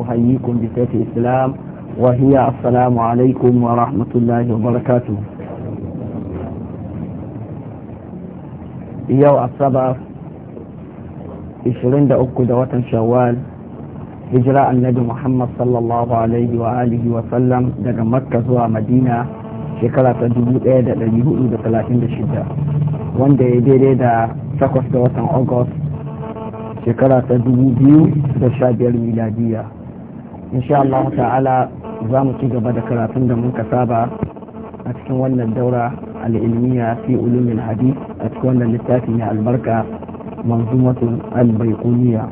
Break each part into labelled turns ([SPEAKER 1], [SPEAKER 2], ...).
[SPEAKER 1] أحييكم بسيف الإسلام وهي السلام عليكم ورحمة الله وبركاته يو السبع عشرين دقيقة دوات شوال هجرة النبي محمد صلى الله عليه وآله وسلم دقى مكة ومدينة shekara ta dubu ɗaya da ɗari hudu da talatin da shida wanda ya daidai da takwas da watan august shekara ta dubu biyu da sha biyar miladiya insha Allah ta'ala za mu ci gaba da karatun da muka saba a cikin wannan daura al'ilmiya fi ulumin hadith a cikin wannan littafi mai albarka manzumatu albaikuniya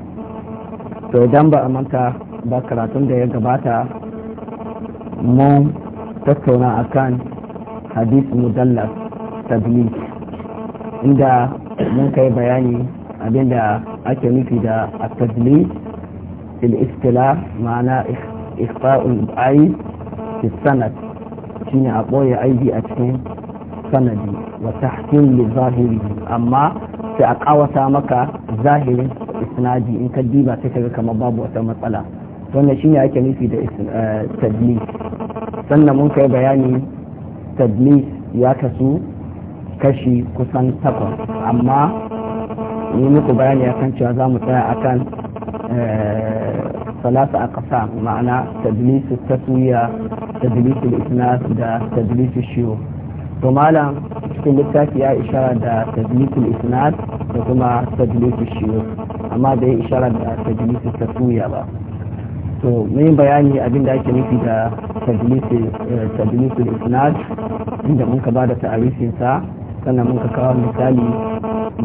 [SPEAKER 1] to idan ba a manta ba karatun da ya gabata mun tattauna akan hadith mudallas tablik inda mun kai bayani abinda ake nufi da at-tablik fil istila ma'ana ikfa'ul aib fi sanad shine a ɓoye aiki a cikin sanadi wa tahkim li zahiri amma sai a kawata maka zahirin isnadi in ka diba sai kaga kamar babu wata matsala wannan shine ake nufi da tadlis sannan mun kai bayani tadlis ya kasu kashi kusan takwas amma ni muku bayani akan cewa za mu tsaya akan ثلاثة أقسام معنى تدليس التسوية تدليس da دا تدليس الشيوخ ومالا cikin littafi ya ishara da tajlisul isnad da kuma tajlisul shiyur amma bai ishara da tajlisul tasuya ba to mun bayani abin da ake nufi da tajlisul isnad inda mun ka bada ta'arifinsa. sannan mun ka kawo misali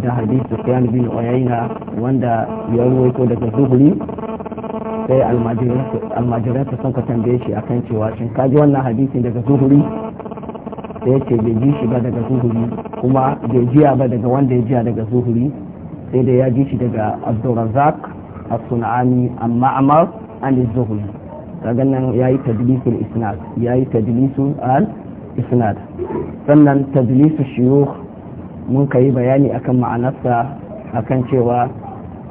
[SPEAKER 1] da hadisu sufyan bin uyayna wanda ya ruwaito daga zuhuri sai almajiransa sun ka tambaye shi akan cewa shin ka ji wannan hadisin daga zuhuri da ya ce bai ji shi ba daga zuhuri kuma bai jiya ba daga wanda ya jiya daga zuhuri sai da ya ji shi daga abdulrazak as-sun'ani amma amar an zuhuri kaga nan yayi tadlisul isnad yayi tadlisul al isnad sannan tadlisu shuyukh mun kai bayani akan ma'anarsa akan cewa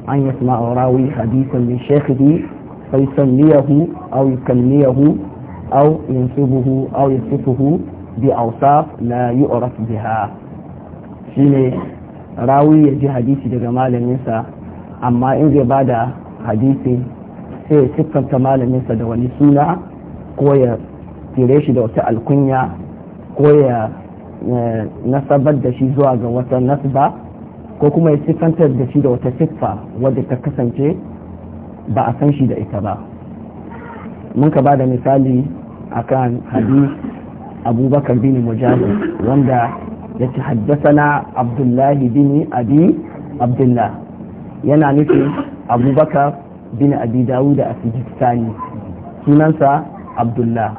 [SPEAKER 1] an a rawi hadisan min shaykhihi fa yusammiyahu aw yukalliyahu au yansibuhu aw yasifuhu bi awsaf la yu'raf biha shine rawi ya ji hadisi daga malaminsa amma in zai bada hadisi sai ya siffanta malaminsa da wani suna ko ya tire shi da wata alkunya ko ya nasabar da shi zuwa ga wata nasba ko kuma ya siffantar da shi da wata siffa wadda ta kasance ba a san shi da ita ba mun ka ba da misali akan hadi abubakar bin mujahid wanda ya ci na abdullahi bin abi abdullah yana nufin abubakar bin abi dawud a sijistani sunansa abdullah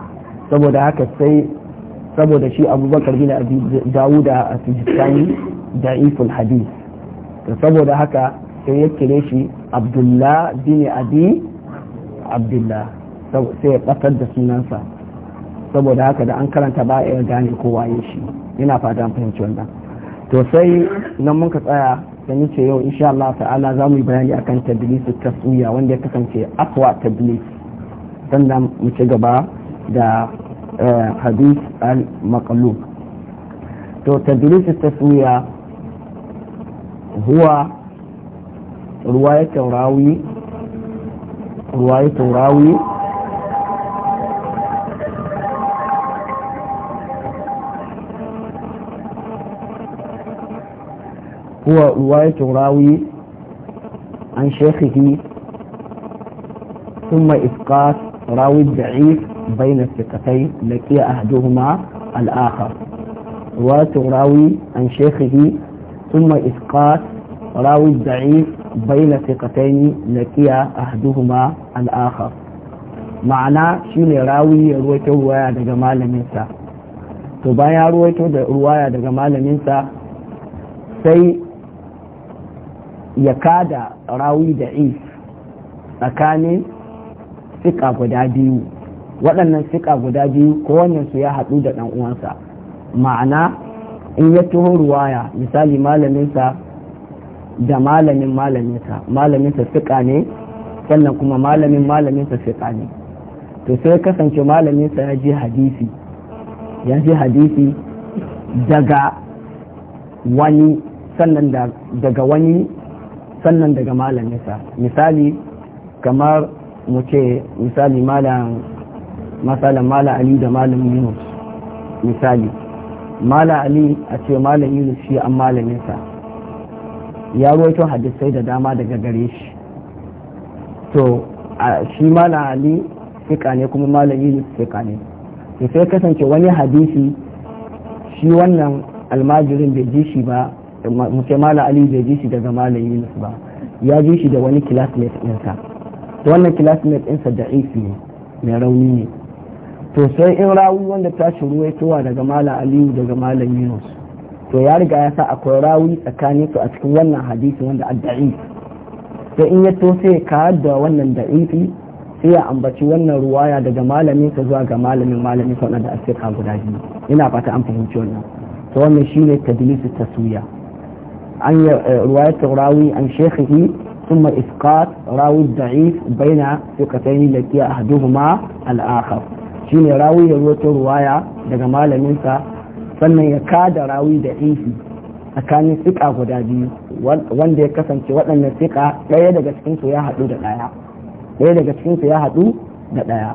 [SPEAKER 1] saboda haka sai saboda shi abubakar gina abi dawuda a da da'iful hadith to saboda haka sai ya kire shi abdullah bin abi abdullah sai ya ɓatar da sunansa saboda haka da an karanta ba a gane kowa ya shi yana fata an fahimci wannan to sai nan muka tsaya da ce yau insha Allah ta'ala za mu yi bayani akan tadlis taswiya wanda ya kasance akwa tadlis sannan mu ci gaba da آه، حديث المقلوب تو تدريس التسوية هو رواية راوي رواية راوي هو رواية راوي عن شيخه ثم إسقاط راوي ضعيف بين الثقتين لقي أحدهما الآخر وتراوي عن شيخه ثم إسقاط راوي ضعيف بين ثقتين لقي أحدهما الآخر معنى شين راوي رويته رواية جمال منسا تبايا رويته رواية جمال منسا سي يكاد راوي ضعيف أكاني sika guda biyu waɗannan siƙa guda biyu kowanne su ya haɗu da ɗan uwansa ma'ana in ya tuho ruwaya misali malaminsa da malamin malaminsa malaminsa siƙa ne sannan kuma malamin malaminsa siƙa ne to sai kasance malaminsa ya je hadisi ya je hadisi daga wani sannan daga wani sannan daga malaminsa misali kamar mu ce misali malam masalan malam ali da malam yunus misali malam ali a ce malam yunus shi an malaminsa ya roto hadisai da dama daga gare shi to shi malam ali fika ne kuma malam yunus fika ne to sai kasance wani hadisi shi wannan almajirin bai ji shi ba mu ce malam ali bai ji shi daga malam yunus ba ya ji shi da wani classmate ɗinsa wannan classmate ɗinsa da'ifi ne mai rauni ne to sai in rawi wanda ta shuru ya daga malam aliyu daga malam yunus to ya riga ya sa akwai rawi tsakanin su a cikin wannan hadisi wanda adda'i sai in ya to sai ka da wannan da'ifi sai ya ambaci wannan ruwaya daga malamin zuwa ga malamin malamin sa da asirka guda biyu ina fata an fahimci wannan to wannan shine tadlisu taswiya an eh, ruwayat rawi an shekhihi ثم إسقاط راوي الضعيف بين ثقتين التي أحدهما الآخر shine rawi ya ruwato ruwaya daga malaminsa sannan ya kada rawi da ifi tsakanin sika guda biyu wanda ya kasance waɗannan sika ɗaya daga cikinsu ya haɗu da ɗaya ɗaya daga cikinsu ya haɗu da ɗaya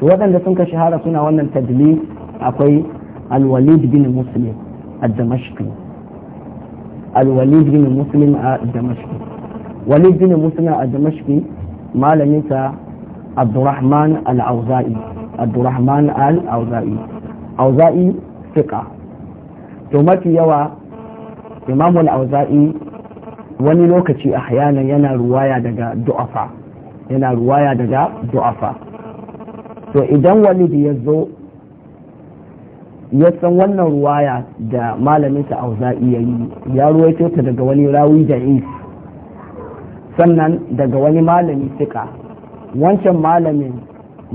[SPEAKER 1] to waɗanda sun ka shahara suna wannan tadlis akwai alwalid bin muslim a damashki wani bin musulman a damashki malaminsa abdurrahman al-auza'i abdurrahman al-auza'i auza'i fiqa to mafi yawa imam al-auza'i wani lokaci hayanan yana ruwaya daga du'afa yana ruwaya daga du'afa to idan walid ya zo ya san wannan ruwaya da malaminsa auza'i ya yi ya ruwaito ta daga wani rawi da sannan daga wani malami suka wancan malamin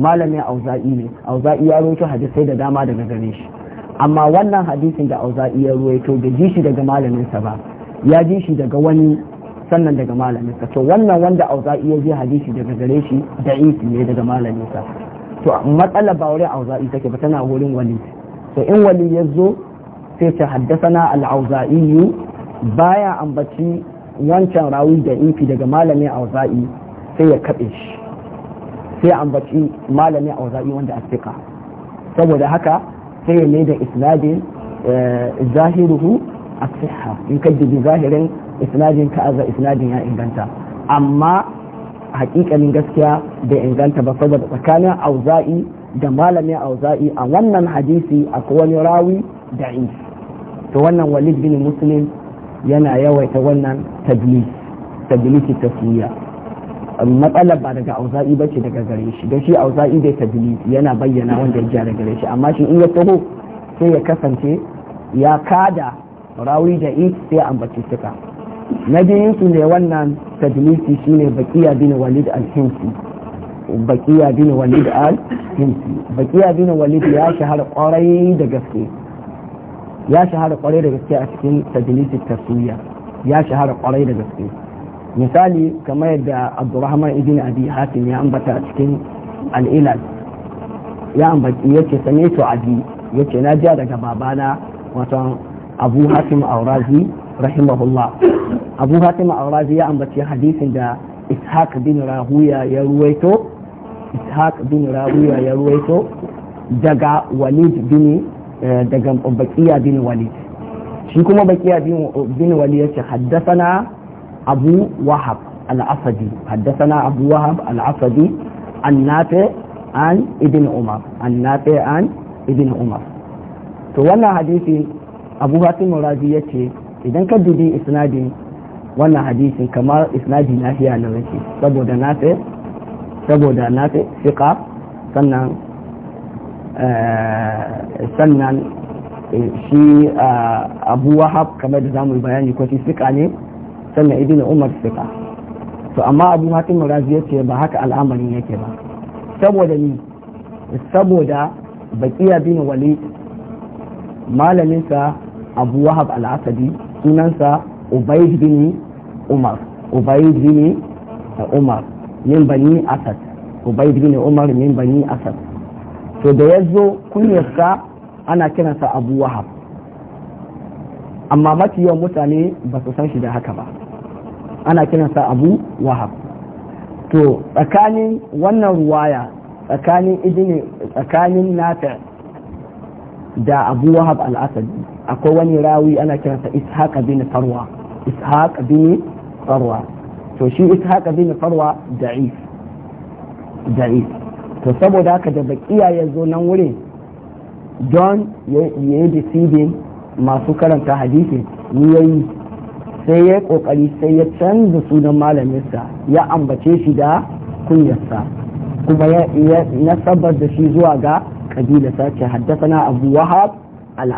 [SPEAKER 1] malamin auza'i ne auza'i ya roto hadisai da dama daga gare shi amma wannan hadisin da auza'i ya ruwaito bai ji shi daga malaminsa ba ya ji shi daga wani sannan daga malaminsa to wannan wanda auza'i ya ji hadisi daga gare shi da isi ne daga malaminsa to matsala ba wurin auza'i take ba tana wurin wali to in wali ya zo sai ta haddasa na al'auza'i baya ambaci wancan rawi da ifi daga malamin auza'i sai ya kaɓe shi sai ambaci malamin auza'i wanda asika saboda haka sai ya maida isnadin eh, zahiruhu asiha in ka dubi zahirin isnadin ka aza isnadin ya inganta amma hakikanin gaskiya bai inganta ba saboda tsakanin auza'i da malamin auza'i a wannan hadisi akwai wani rawi da'i to wannan walid bin muslim yana yawaita wannan tajlis tajlisi matsala matsalar ba daga auza'i ba ce daga gare shi da shi auza'i dai tajlisi yana bayyana wanda ya gyara gare shi amma shi in ya taho sai ya kasance ya kada rawi da it sai ambaci suka na biyun su ne wannan tajlisi shine baqiya bin walid al baqiya bin walid al-himsi baqiya bin walid ya shahara kwarai da gaske ya shahara kwarai da gaske a cikin tajlisi taswiya ya shahara kwarai da gaske misali kamar yadda abdurrahman ibn abi hatim ya ambata a cikin al'ilal ya ambaci yace sane to abi yace na ja daga babana wato abu hatim aurazi rahimahullah abu hatim aurazi ya ambaci hadisin da ishaq bin rahuya ya ruwaito ishaq bin rahuya ya ruwaito daga walid bin daga bakiya bin wali, shi kuma bakiya bin wali yace haddathana abu wahab al-asadi haddathana abu wahab al-asadi an nafe an ibn umar an nafe an ibn umar to wannan hadisi abu murazi ya ce idan ka dubi isnadin wannan hadisi kamar isnadi fiya na yake saboda nafe saboda nafe fiqa sannan Eh, sannan eh, shi eh, abu wahab kamar da zamu bayani ko shi sika ne sannan ibn umar sika to amma abu hatim razi yace ba haka al'amarin yake ba saboda ni saboda baqiya bin wali malaminsa abu wahab al-asadi sunansa ubayd bin umar ubayd bin umar min bani asad ubayd bin umar min bani asad to da ya zo kunyarsa ana kiransa abu wahab amma mafi yawan mutane ba su san shi da haka ba ana kiransa abu wahab to tsakanin wannan ruwaya tsakanin idini tsakanin nafi da abu wahab al akwai wani rawi ana kiransa ishaq bin farwa ishaq bin farwa to shi ishaq bin farwa da'if da'if to saboda haka da bakiya ya zo nan wurin don ya yi deceiving masu karanta hadisi ni yi. sai ya kokari sai ya canza sunan malaminsa ya ambace shi da kunyarsa kuma ya nasabar da shi zuwa ga kabila sace haddasa abu wahab al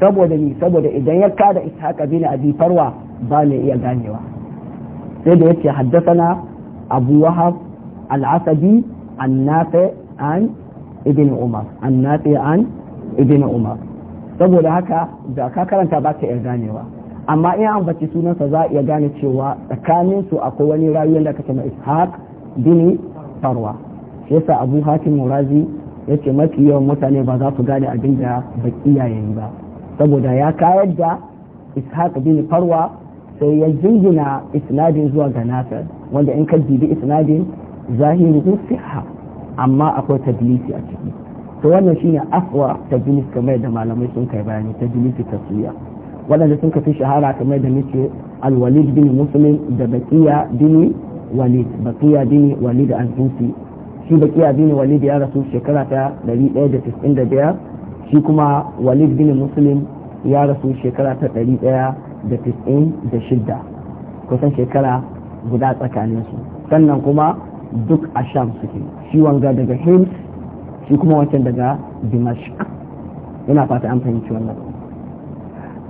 [SPEAKER 1] saboda ni saboda idan ya kada ita bin abi farwa ba ne iya ganewa sai da yace haddasa abu wahab al annafe an ibn umar annafe an ibn umar saboda haka da ka karanta ba ka iya ganewa amma in an baci sunansa za a iya gane cewa tsakanin su akwai wani rayuwar da kake mai ishaq bin farwa shi yasa abu hakim murazi yace mafi yawan mutane ba za su gane abin da ba yayin ba saboda ya kayar da ishaq bin farwa sai ya jingina isnadin zuwa ga nasir wanda in ka dibi isnadin zahiru siha amma akwai tadlisi a ciki to wannan shine afwa tadlis kamar da malamai sun kai bayani tadlisi taswiya waɗanda sun kafi shahara kamar da nace alwalid bin muslim da baqiya bin walid baqiya bin walid al-husi shi baqiya bin walid ya rasu shekara ta 195 shi kuma walid bin muslim ya rasu shekara ta 196 kusan shekara guda tsakaninsu sannan kuma duk a sham suke shi wanga daga hims shi kuma wancan daga dimashq yana fata an fahimci wannan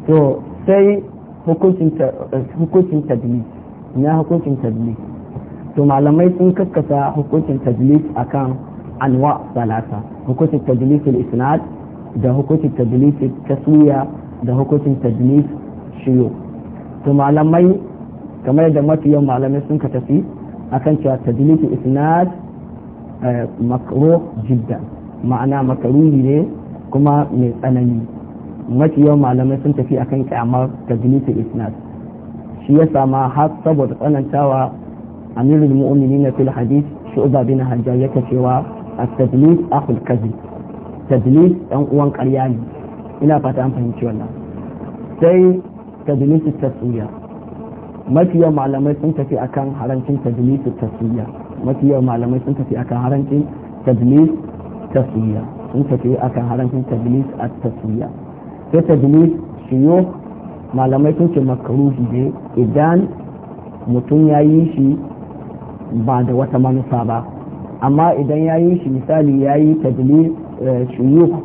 [SPEAKER 1] to sai hukuncin tadlis na hukuncin tadlis to malamai sun kakkasa hukuncin a akan anwa salasa hukuncin tadlis isnad da hukuncin tadlis taswiya da hukuncin tadlis shiyo to malamai kamar da mafiyan malamai sun ka tafi akan cewa tadliku isnad eh, makruh jiddan ma'ana makaruhi ne kuma mai tsanani mafi yawan malamai sun tafi akan kyamar tadliku isnad shi ya sama har saboda tsanantawa amirul mu'minin fil hadith shu'ba bin hajjaj yake cewa at-tadlis akhul kadhib tadlis dan uwan karya ne ina fata an fahimci wannan sai tadlis taswiya Mafiyar malamai sun tafi akan harancin tajlis taswiya mafiya malamai sun tafi akan harancin tajlis tasiriya sun tafi akan harancin tajlis a tasiriya sai tajlis shiyo malamai sun ce makaruhi ne idan mutum ya yi shi ba da wata manufa ba amma idan ya yi shi misali ya yi tajlis eh, shiyo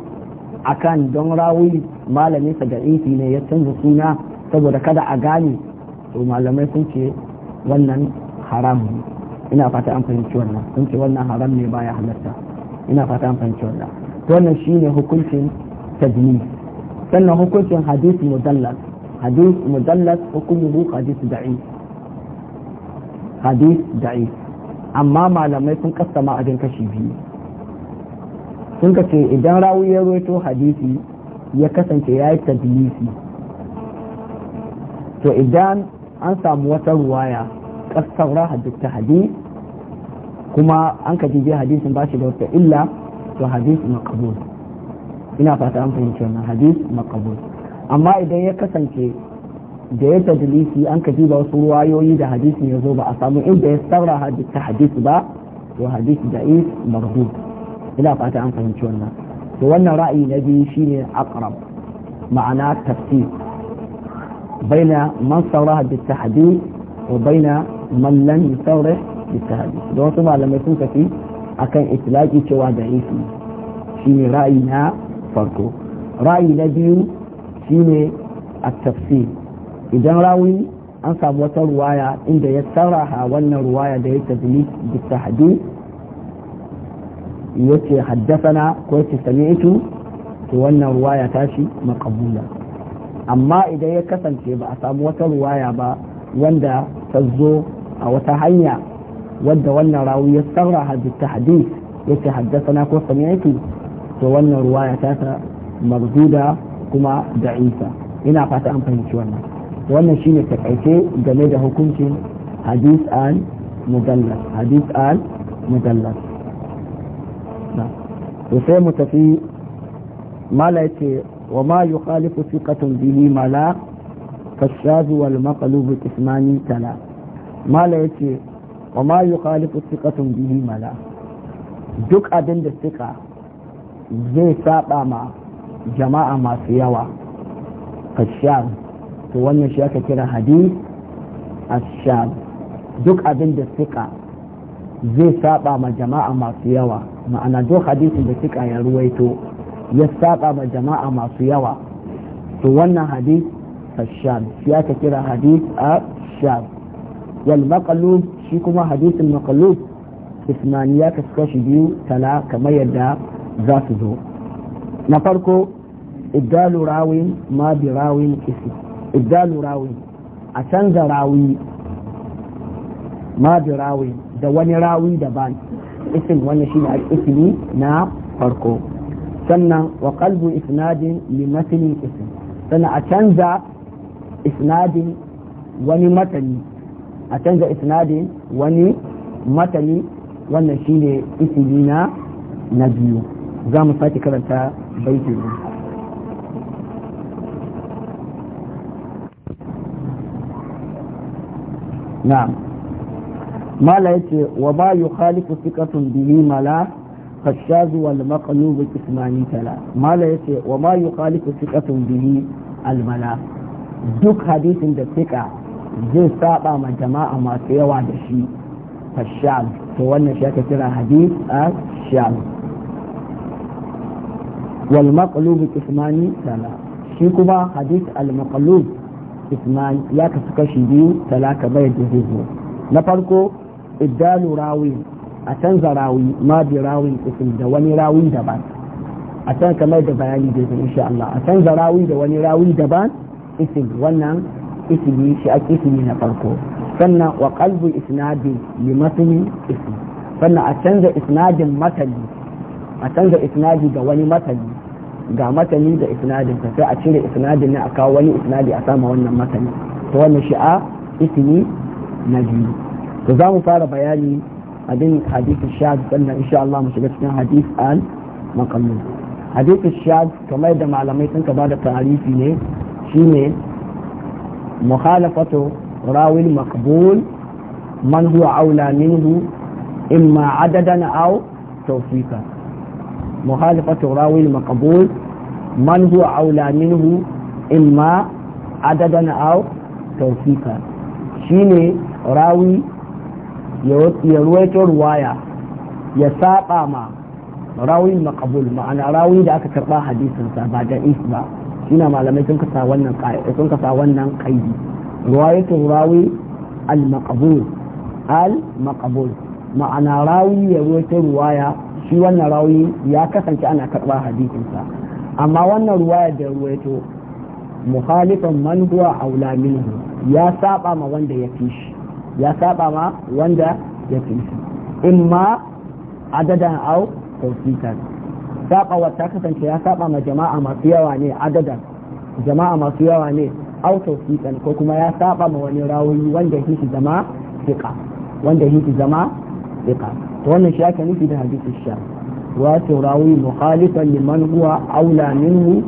[SPEAKER 1] akan don rawi malamin sa da ne ya canza suna saboda kada a gane to malamai sun ce wannan haram ina fata an fahimci wannan sun ce wannan haram ne baya halarta ina fata an fahimci wannan to wannan shine hukuncin tajmi sannan hukuncin hadith mudallas hadith mudallas hukumuhu hadith da'i hadith da'i amma malamai sun kassama abin kashi biyu sun ka ce idan rawu ya roto hadisi ya kasance ya yi tadlisi to idan an samu wata ruwaya kasaura duk ta hadith kuma an ka jije hadisin ba shi da wata illa to hadis makabul ina fata an fahimci wannan hadis makabul amma idan ya kasance da ya tadlisi an ka jiba wasu ruwayoyi da hadisin ya zo ba a samu inda ya saura hadis ta hadisi ba to hadis da'if marhu ina fata an fahimci wannan to wannan ra'ayi na biyu shine aqrab ma'ana tafsir بين من صرح بالتحديد وبين من لم يصرح بالتحديد don wasu malamai sun kafi akan itilaki cewa da ifi shine ra'ayi na farko ra'ayi na biyu shine a tafsir idan rawi an samu wata ruwaya inda ya sarraha wannan ruwaya da ya tabbili بالتحديد yace haddasana ko yace sami'tu to wannan ruwaya tashi maqbula amma idan ya kasance ba a samu wata ruwaya ba wanda ta zo a wata hanya wadda wannan rawi ya sarraha ya tahdith yace haddathana ko sami'tu to wannan ruwaya ta ta marduda kuma da'isa ina fata an fahimci wannan wannan shine takaice game da hukuncin hadith an mudallas hadith an mudallas to sai mu tafi mala yace وما يخالف ثقة به ملا فالشاذ والمقلوب قسمان تلا ما لا يتي وما يخالف ثقة به ملا duk abin da suka zai saba ma jama'a masu yawa kashab to wannan shi aka kira hadis ashab duk abin da suka zai saba ma jama'a masu yawa ma'ana duk hadisin da suka ya ruwaito ya saba ma jama'a masu yawa to wannan hadith ashab ya aka kira hadis a ashab wal maqlub shi kuma hadithin maqlub ismaniya ka kashi biyu tala kamar yadda za su zo na farko iddalu rawin ma bi rawin isi iddalu rawin a canza rawi ma bi rawin da wani rawi daban isin wani shi ne na farko sannan wa qalbu isnadin li matnin ism sannan a canza isnadin wani matani a canza isnadin wani matani wannan shine ne na na biyu za mu sake karanta baitin na mala yace wa ba yukhalifu thiqatun bihi mala فالشاذ والمقلوب قسمان تلا ما لا يتي وما يخالف ثقة به الملا duk hadisin da tika zai saɓa ma jama'a masu yawa da shi fashal to wannan shi aka kira hadis a shal wal maqlub ismani tala shi kuma hadis al maqlub ismani ya kasu kashi biyu talaka bai da na farko iddalu rawin a canza rawi ma bi rawin isim da wani rawin daban a can kamar da bayani da zai insha Allah a canza rawi da wani rawin daban isim wannan isimi shi ake isimi na farko sannan wa qalbu isnadi li matni isim sannan a canza isnadin matani a canza isnadi ga wani matani ga matani da isnadin ta sai a cire isnadin ne a kawo wani isnadi a sama wannan matani to wannan shi'a isimi na biyu to za mu fara bayani abin hadithin shahad sannan insha Allah mu shiga cikin hadith al maqallud hadithin shahad kamar da malamai sun ka bada tarifi ne shine mukhalafatu rawil maqbul man huwa aula minhu imma adadan aw tawfiqa mukhalafatu rawil maqbul man huwa aula minhu imma adadan aw tawfiqa shine rawi ya ruwaito ruwaya ya saba ma rawi makabul ma'ana rawi da aka karba sa ba da is ba shine malamai sun kasa wannan sun kasa wannan kaidi ruwaito rawi al makabul al makabul ma'ana rawi ya ruwaito ruwaya shi wannan rawi ya kasance ana karba sa amma wannan ruwaya da ruwaito mukhalifan man huwa aula minhu ya saba ma wanda ya fi shi ya saba ma wanda ya fi shi in ma adadan au tawfikan saba ta kasance ya saba ma jama'a masu yawa ne adadan jama'a masu yawa ne au tawfikan ko kuma ya saba ma wani rawayi wanda shi shi zama fiqa wanda shi shi zama fiqa to wannan shi yake nufi da hadisi sha wa rawayi mukhalifan liman huwa aula minhu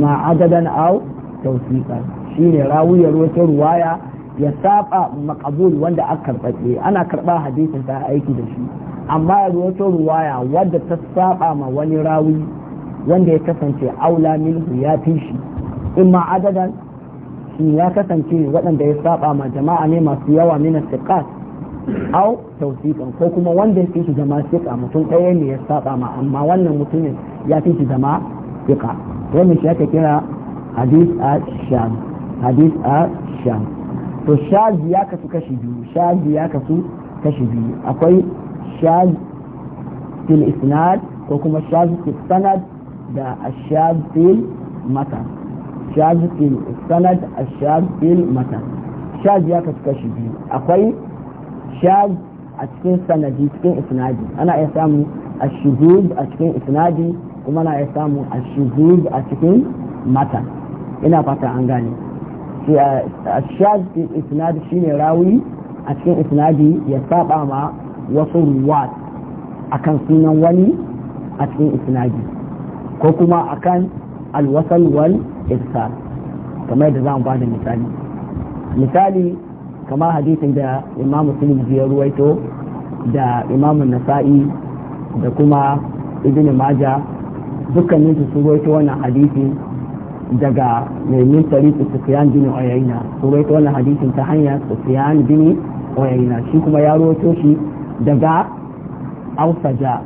[SPEAKER 1] ma adadan au tawfikan shine rawi ya ruwaya ya saba makabul wanda aka karɓaɓe eh, ana karba hadisin ta aiki da shi amma ya wato ruwaya wadda ta saba ma wani rawi wanda ya kasance aula minhu ya fi shi in ma adadan shi ya kasance waɗanda ya saba ma jama'a ne masu yawa mina siqat au tausikan ko kuma wanda ya fi shi zama siqa mutum ɗaya ne ya saba ma amma wannan mutumin ya fi shi zama siqa wannan shi ake kira hadith a sham hadith a sham to shazi ya kasu kashi biyu shazi ya kasu kashi biyu akwai shaz fil isnad ko kuma shaz fil sanad da ashaz fil mata shaz fil sanad ashaz fil mata shaz ya kasu kashi biyu akwai shaz a cikin sanadi cikin isnadi ana iya samu ashuzuz a cikin isnadi kuma ana iya samu ashuzuz a cikin mata ina fata an gane الشاذ في الإسناد شيني راوي اكن اسنادي يسابع مع وصول روات اكن سنة ولي أتكين إسنادي كوكما اكن الوصل والإرسال كما يدزعون بعض المثال مثالي كما حديث دا إمام مسلم في رويته دا إمام النسائي دا كما ابن ماجه dukkaninsu su ruwaito wannan hadisi daga mai min tariqi Sufyan bin Uyayna su bai wannan hadisin ta hanya Sufyan bin Uyayna shi kuma ya rawaito shi daga Ausaja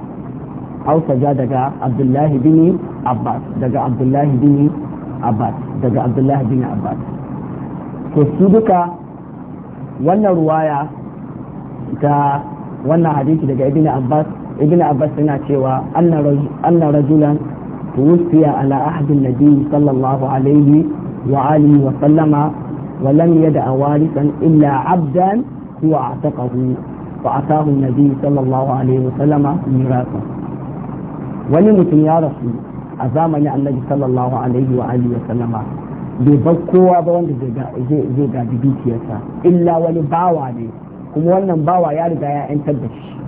[SPEAKER 1] Ausaja daga Abdullahi bin Abbas daga Abdullahi bin Abbas daga Abdullahi bin Abbas to su duka wannan ruwaya ta wannan hadisi daga Ibn Abbas Ibn Abbas yana cewa na rajulan توفي على عهد النبي صلى الله عليه وآله وسلم ولم يدع وارثا إلا عبدا هو اعتقه فأتاه النبي صلى الله عليه وسلم ميراثا ولمتن يا رسول a zamanin annabi sallallahu alaihi wa alihi wa sallama bai bar ba wanda zai gadi illa wani bawa ne kuma wannan bawa ya riga ya da shi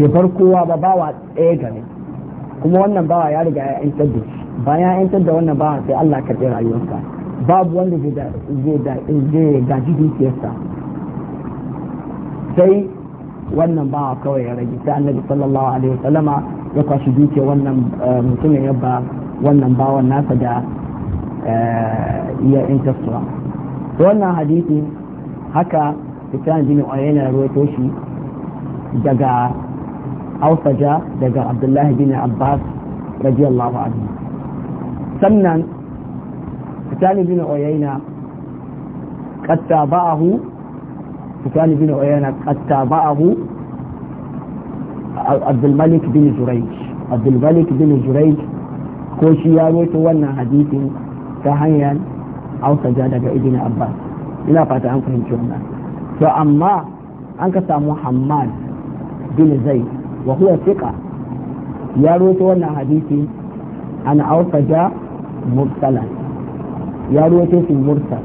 [SPEAKER 1] bai bar kowa ba bawa ɗaya kuma wannan bawa ya riga ya yantar da bayan ya yantar da wannan bawa sai Allah ka yi rayuwarsa babu wanda zai gaji dukiyarsa sai wannan bawa kawai ya rage sai annabi sallallahu alaihi wasallama ya kwashi dukiyar wannan eh, mutumin ya ba wannan bawan nasa da eh, ya yantar suwa wannan hadisi haka fitan jini ya ruwaito shi daga ausaja daga abdullahi bin abbas radiyallahu anhu sannan fitani bin oyaina katta ba'ahu fitani bin oyaina katta ba'ahu abdulmalik bin jurayj abdulmalik bin jurayj ko shi ya roto wannan hadisin ta hanyar ausaja daga ibn abbas ina fata an fahimci wannan to amma an ka samu hammad bin zaid وهو ثقة يروي أن حديثي أن أوصجا مرسلا يروي في المرسل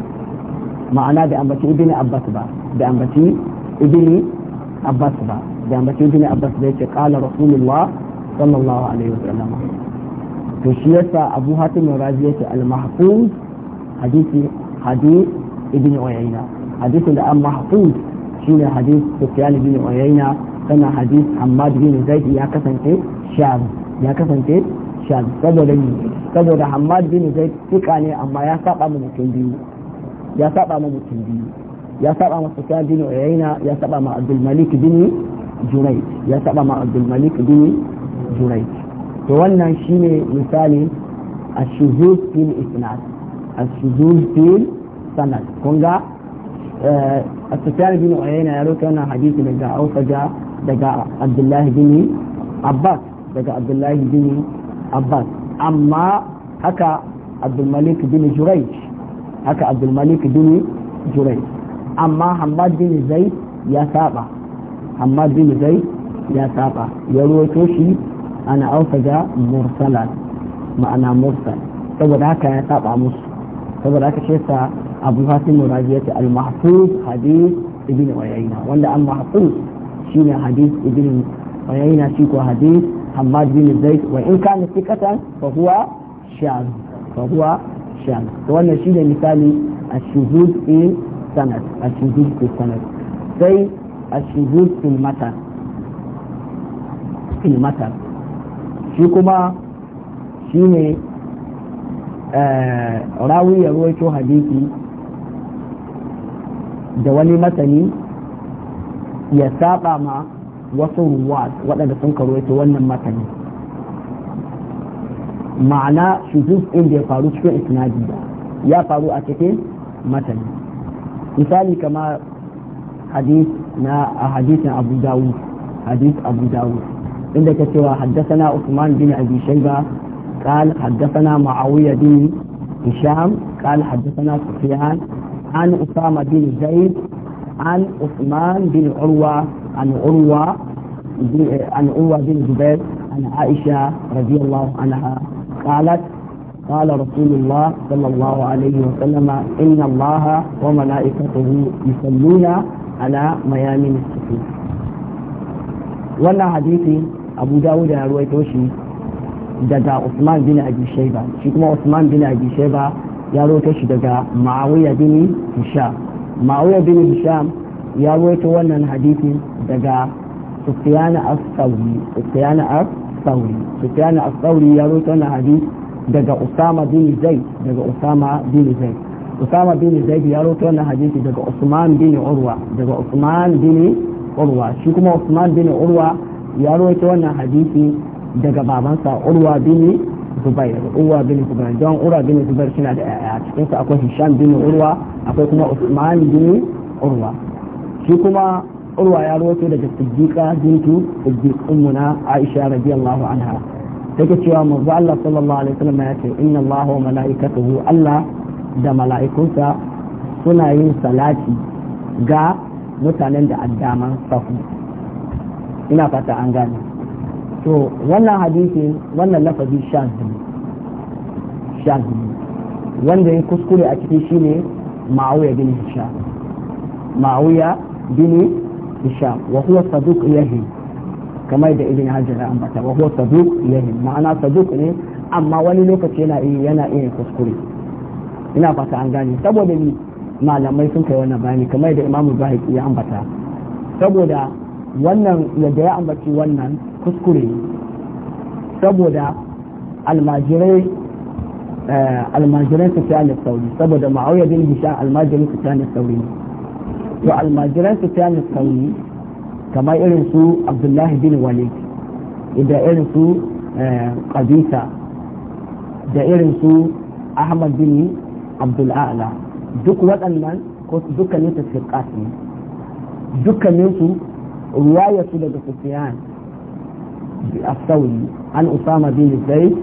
[SPEAKER 1] معناه بأنبتي ابن أباس با بأنبتي ابن أباس با بأنبتي ابن أباس با قال رسول الله صلى الله عليه وسلم تشيسا أبو حاتم رازية المحفوظ حديث حديث ابن عيينة حديث الآن محفوظ شين حديث سفيان ابن عيينة sana hadis amma bin zaidi ya kasance sham ya kasance sham saboda ni saboda hamad bin zaid fika ne amma ya saba mu mutum biyu ya saba mu mutum biyu ya saba ma sufyan bin uyayna ya saba ma abdul malik bin junayd ya saba ma abdul malik bin junayd to wannan shine misali الشذوذ في الإسناد الشذوذ في السند كونغا السفيان بن عيينة يروي كان حديث من أوفجا daga abdullahi bin abbas daga abdullahi bin abbas amma haka abdulmalik bin jurai haka abdulmalik bin jurai amma hamad bin zai ya saba hamad bin zai ya saba ya ruwato shi ana auka ga mursalat ma'ana mursal saboda haka ya saba musu saboda haka ce sa abu hasim muraji ya al-mahfuz hadith ibn wanda al mahfuz shine hadith ibn uyayna shi ko hadith hamad bin zaid wa in kana thiqatan fa huwa shaz fa huwa shaz to wannan shine misali ash in sanad ash-shuzuz fi sanad sai ash-shuzuz fi matan fi matan shi kuma shine eh, rawi ya ruwaito hadisi da wani masani ya saba ma wasu ruwan waɗanda sun karuwaito wannan matani ma'ana shuzuz ɗin da ya faru cikin isnadi ba ya faru a cikin matani misali kamar hadith na a hadithin abu dawud hadith abu dawud inda ka cewa haddasana usman bin abi shaiba قال حدثنا معاوية بن هشام قال حدثنا سفيان عن أسامة بن زيد عن عثمان بن عروة عن عروة عن عروة بن جبير عن عائشة رضي الله عنها قالت قال رسول الله صلى الله عليه وسلم إن الله وملائكته يصلون على ميامين السكين ولا حديث أبو داود عن رواية وشي دجا عثمان بن أبي شيبة شكما عثمان بن أبي شيبة يا رواية وشي معاوية بن هشام ma'auya bin bisham ya rawaito wannan hadisi daga sufiyana as-sauri sufiyana as-sauri sufiyana as-sauri ya rawaito wannan hadisi daga usama bin zaid daga usama bin zaid usama bin zaid ya rawaito wannan hadisi daga usman bin urwa daga usman bin urwa shi kuma usman bin urwa ya rawaito wannan hadisi daga babansa urwa bin zubair urwa bin zubair don urwa bin zubair suna da yaya cikinsu akwai hisham bin urwa akwai kuma Usman bin Urwa shi kuma Urwa ya rawaito daga Siddiqa bintu Siddiq ummuna Aisha radiyallahu anha take cewa manzo Allah sallallahu alaihi wasallam ya ce inna Allah wa mala'ikatahu Allah da mala'ikunsa suna yin salati ga mutanen da addaman safu ina fata an gane to wannan hadisi wannan lafazi shazini shazini wanda ya kuskure a ciki shine معاوية بن هشام معاوية بن هشام وهو صدوق يهم كما يدى ابن حجر أنبتا وهو صدوق يهم معنى صدوق ne amma wani lokaci yana iya yana iya kuskure ina fata an gane saboda ni malamai sun kai wannan bayani kamar da imamu bahiki ya ambata saboda wannan yadda ya ambaci wannan kuskure saboda almajirai almajiran sufyan al-thawri saboda ma'awiya bin hisham almajirin sufyan al-thawri to almajiran sufyan al-thawri kamar irin su abdullahi bin walid da irin su qabisa da irin su ahmad bin abdul a'la duk waɗannan ko dukkanin su fiqat ne dukkanin su ruwaya su daga sufyan al-thawri an usama bin zai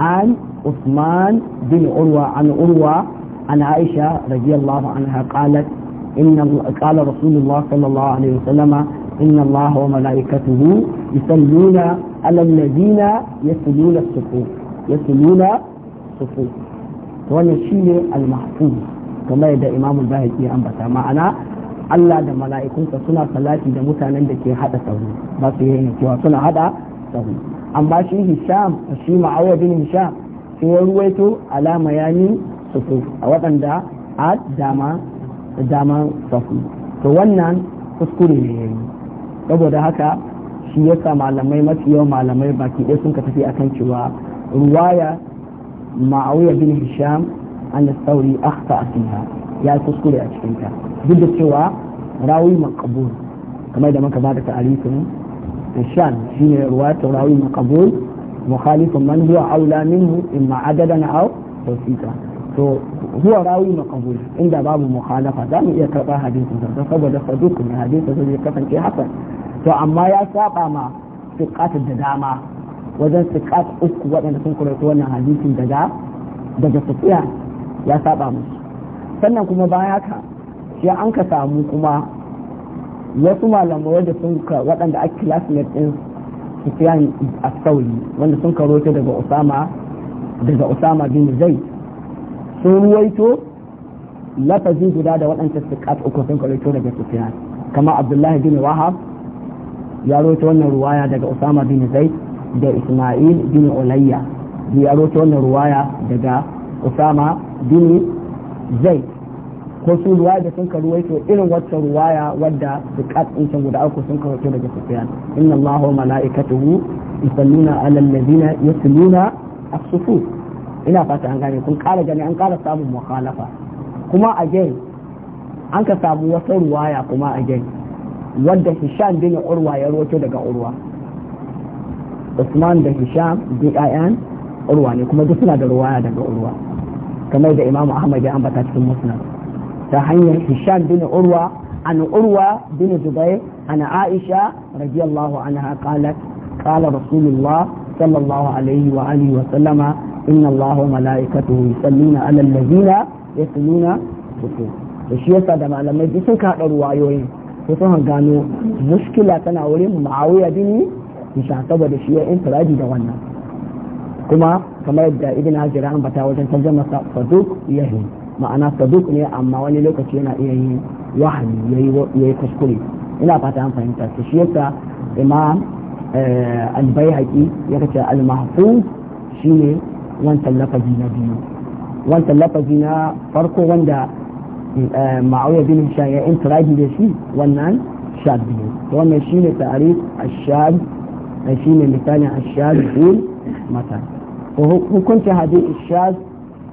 [SPEAKER 1] an عثمان بن عروة عن عروة عن عائشة رضي الله عنها قالت إن قال رسول الله صلى الله عليه وسلم إن الله وملائكته يصلون على الذين يصلون الصفوف يصلون الصفوف ونشيل المحفوظ كما يدى إمام الباهي أن بتا معنا ألا دا ملائكون فصنا صلاة دا متانا دا كي حدا سوي بس هنا كي وصنا حدا سوي أما شيء هشام الشيء معوى بن هشام sai ya ruwaito alama yani su a waɗanda a dama dama safu to wannan kuskure ne ya yi saboda haka shi ya sa malamai mafi yawan malamai baki ɗaya sun ka tafi akan cewa ruwaya ma'auya bin hisham an da sauri akhta a fiha ya kuskure a cikinta duk da cewa rawi makabul kamar da muka ba da ta'arifin hisham shine ta rawi makabul مخالف من هو أولى منه إما عددا أو توثيقا to huwa rawi maqbul inda babu mukhalafa za mu iya karba hadisin sa saboda saduq ne hadisin sa zai kasance hasan to amma ya saba ma siqat da dama wajen siqat uku waɗanda sun kula wannan hadisin daga ya musu sannan kuma baya ka shi an ka samu kuma wasu malamai da sun ka waɗanda a classmate din Sufyan as-Sauri wanda sun ta daga Usama daga Usama bin Zaid sun ruwaito lafazi guda da su sikat uku sun karoto daga Sufyan kama Abdullahi bin Wahab ya roto wannan ruwaya daga Usama bin Zaid da Ismail bin Ulayya ya roto wannan ruwaya daga Usama bin Zaid ko su ruwaya da sun ka ruwaito irin wacce ruwaya wadda su din can guda uku sun ka ruwaito daga sufyan inna allaha wa malaikatahu yusalluna ala alladhina yasluna as-sufu ina fata an gane kun kara gani an kara samun mukhalafa kuma again an ka samu wata ruwaya kuma again wadda hisham bin urwa ya ruwaito daga urwa Usman da Hisham B.I.N urwa ne kuma duk suna da ruwaya daga urwa kamar da Imam Ahmad ya ambata cikin Musnad ta hanyar hisham bin urwa an urwa bin zubair an aisha radiyallahu anha qalat qala rasulullah sallallahu alaihi wa alihi wa sallama inna allaha wa malaikatahu yusalluna ala allazina yasluna to shi yasa da malamai duk sun kaɗa ruwayoyin sai sun gano muskila tana wurin ma'awiya bin hisham saboda shi ya infiradi da wannan kuma kamar da ibn hajar an bata wajen tarjama saduk yahin ma'ana saduk ne amma wani lokaci yana iya yin wahani ya yi kuskure ina fata an fahimta ta shi yasa imam eh, albai haƙi ya kace almahfu shi ne wancan lafazi na biyu wancan lafazi na farko wanda eh, ma'auya bin hisham ya intiraji da shi wannan shad biyu to wannan shi ne tarif ashad eh, shi ne misalin ashad bil mata hukuncin hadin ashad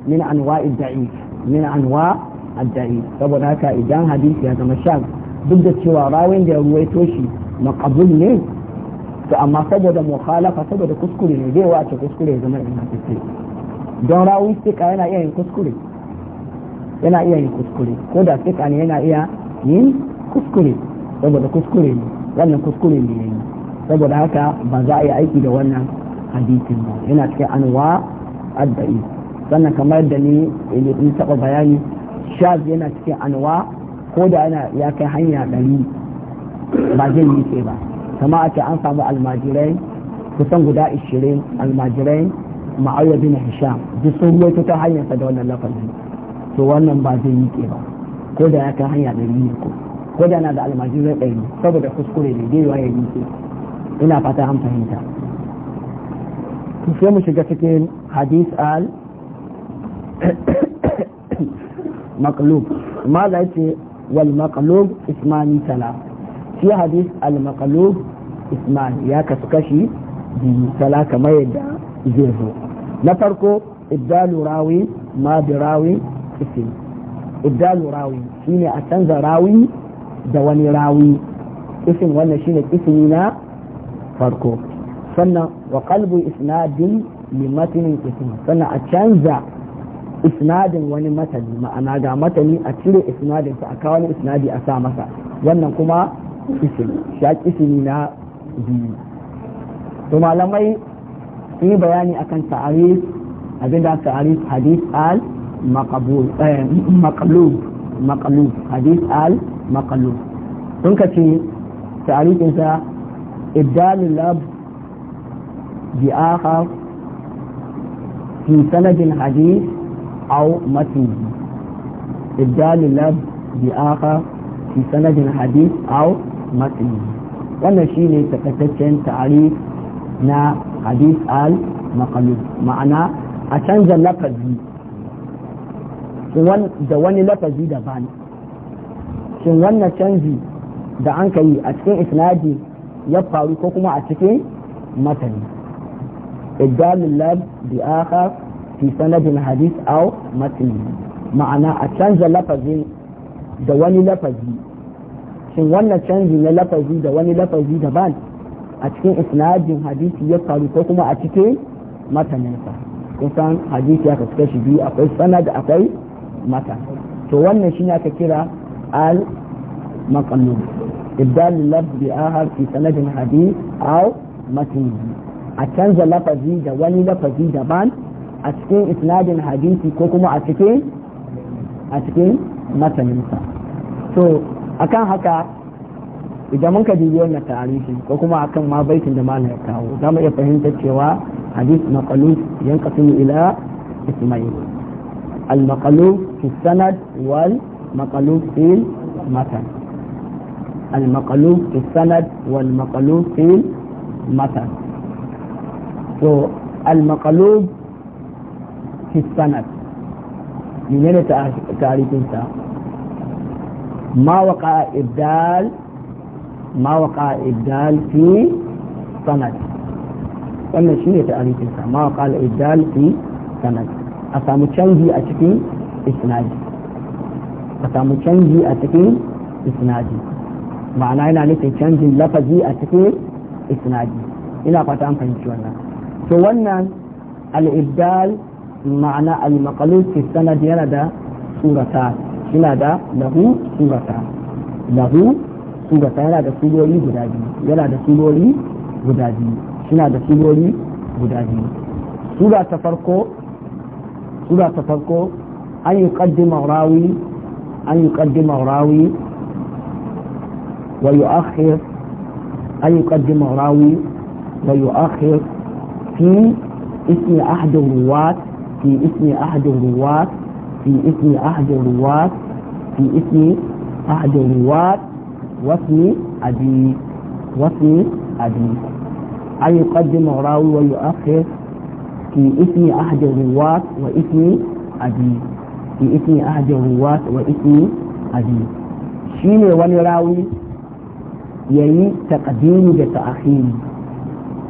[SPEAKER 1] min anwa'id da'if min anwa addai saboda haka idan hadisi ya zama shaz duk da cewa rawan da ya ruwaito shi maqbul ne to amma saboda mukhalafa saboda kuskure ne bai wace kuskure ya zama ingantacce don rawin sika yana iya yin kuskure yana iya yin kuskure ko da sika ne yana iya yin kuskure saboda kuskure ne wannan kuskure ne yayi saboda haka ba za a yi aiki da wannan hadisin ba yana cikin anwa addai sannan kamar da ni eh, in taɓa bayani shaz yana cikin anwa ko da yana ya kai hanya ɗari ba zai yi ce ba kama a ce an samu almajirai kusan guda ishirin almajirai ma'auya bin hisham duk sun ruwaito ta hanyarsa da wannan lafazi to wannan ba zai yi ke ba ko da ya kai hanya ɗari ne ko ko da yana da almajirai ɗari saboda kuskure ne zai ya yi ke ina fata an fahimta to sai mu shiga cikin hadis al maqlub mala ce wal maqlub ismani tala shi hadis al maqlub ismani ya kasu kashi biyu tala kamar yadda zai zo na farko iddalu rawi ma bi rawi isim iddalu rawi shine a canza rawi da wani rawi isim wannan shine ismi na farko sannan wa qalbu isnadin limatinin ismi sannan a canza isnadin wani matani ma'ana ga matani a cire isnadin sa a kawo wani isnadi a sa masa wannan kuma isim shaq isimi na biyu to malamai sun yi bayani akan ta'arif abinda ta'arif hadith al eh, maqlub maqlub hadith al maqlub sun ka ce ta'arifin sa ibdalul lab bi akhar fi sanadin hadith أو متن إبدال اللفظ بآخر في سند حديث أو متن wannan shi takaitaccen tarif na hadith al maqalub ma'ana a canza lafazi da wani lafazi daban shin wannan canji da an ka yi a cikin isnadi ya faru ko kuma a cikin matani idalin lab bi في سند الحديث أو متن معنى أتشانج لفظي دواني لفظي شن وانا تشانج لفظي دواني لفظي دبان أتكين إسناد الحديث يقال فوقما أتكين متن نفا إنسان حديث يكتكش بي أقول سند أقول متن تو وانا شنا تكرا آل مقنون إبدال اللفظ بآهر في سند الحديث أو متن أتشانج لفظي دواني لفظي دبان a cikin isnadin hadisi ko kuma a cikin a cikin masaninsa a akan haka idan mun ka dubi wannan tarihi ko kuma akan ma baitin da malam ya kawo za mu iya fahimtar cewa hadis maqaluf yanqasimu ila ismail al maqaluf fi sanad wal maqaluf fi matan al maqaluf fi sanad wal maqaluf fi matan so al maqaluf في السند منين تعريف انت ما وقع إبدال ما وقع إبدال في سند wannan shi ne ta'arifinsa ma qala ibdal fi sanad a samu canji a cikin isnadi a samu canji a cikin isnadi ma'ana yana nufin canjin lafazi a cikin isnadi ina fata an fahimci wannan to wannan al-ibdal معنى المقلوب في السند يلا دا سورتان يلا دا له سورتان له سورتان يلا دا سورولي بدادي يلا دا سورولي بدادي يلا دا سورولي بدادي سورة تفرقو سورة تفرقو أن يقدم راوي أن يقدم راوي ويؤخر أن يقدم راوي ويؤخر في اسم أحد الرواة في اسم أحد الرواة في اسم أحد الرواة في اسم أحد الرواة واسم أبي واسم أبي أي يقدم الراوي ويؤخر في اسم أحد الرواة واسم أبي في اسم أحد الرواة واسم أبي شيني ولي راوي يعني تقديم بتأخير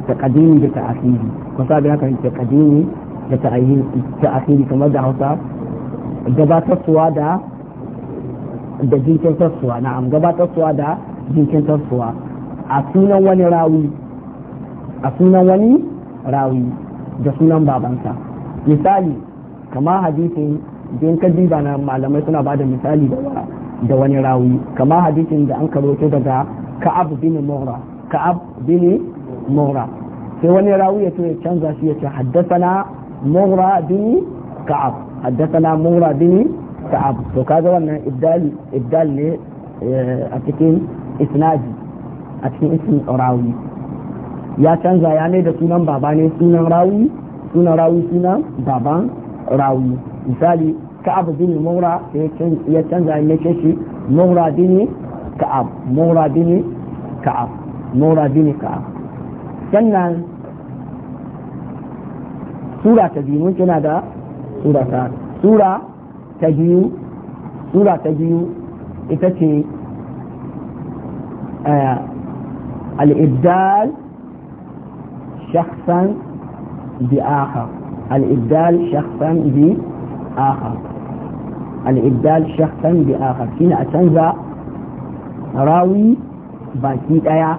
[SPEAKER 1] تقديم بتأخير وصابي هكذا تقديم da ta'akhiri kamar da hausa gabatarsuwa da da jinkirtarsuwa na'am gabatarsuwa da jinkirtarsuwa a sunan wani rawi a sunan wani rawi da sunan babansa misali kama hadisin don ka ba na malamai suna ba da misali da wani rawi kama hadisin da an karoto daga ka'ab bin mura ka'ab bin mura sai wani rawi ya ce canza shi ya ce haddasa mura bin ka'ab haddathana mura bin ka'ab to kaga wannan ibdal ne a cikin isnadi a cikin ismin rawi ya canza ya ne da sunan baba ne sunan rawi sunan rawi sunan baban rawi misali ka'ab bin mura ya canza ya ce shi mura bin ka'ab mura bin ka'ab mura bin ka'ab sannan سورة تجيو كنا دا سورة تان سورة تجيو سورة تجيم إتتي آه الإبدال شخصا بآخر الإبدال شخصا بآخر الإبدال شخصا بآخر كنا أتنزى راوي باكيد أيا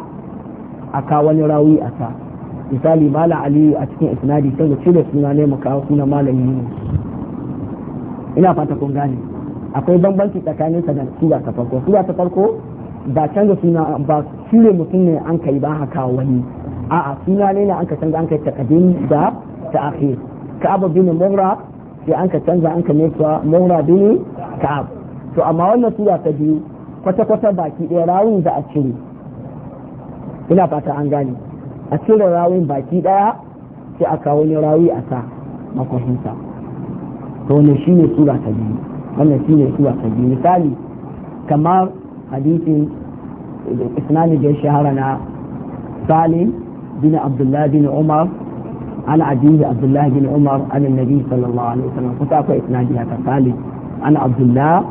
[SPEAKER 1] أكاوني راوي أتنزى misali malam aliyu a cikin isnadi sai mu cire suna ne mu kawo suna malam yunus ina fata kun gane akwai bambanci tsakanin sa da sura ta farko sura ta farko ba canza suna ba cire mutum ne an kai ba haka wani a'a suna ne ne an ka canza an kai ta takadim da ta'akhir ka'ab bin mura sai an ka canza an ka nesa mura bin abu, to amma wannan sura ta biyu kwata-kwata baki ɗaya rawun da a cire ina fata an gane a cire rawin baki daya sai a kawo wani rawi a sa makwahinsa to wannan shine sura ta biyu wannan shine sura ta biyu misali kamar hadisin isnani da shahara na salim bin abdullah bin umar an ajiyi abdullah bin umar an annabi sallallahu alaihi wasallam kusa akwai isnadi haka salim an abdullah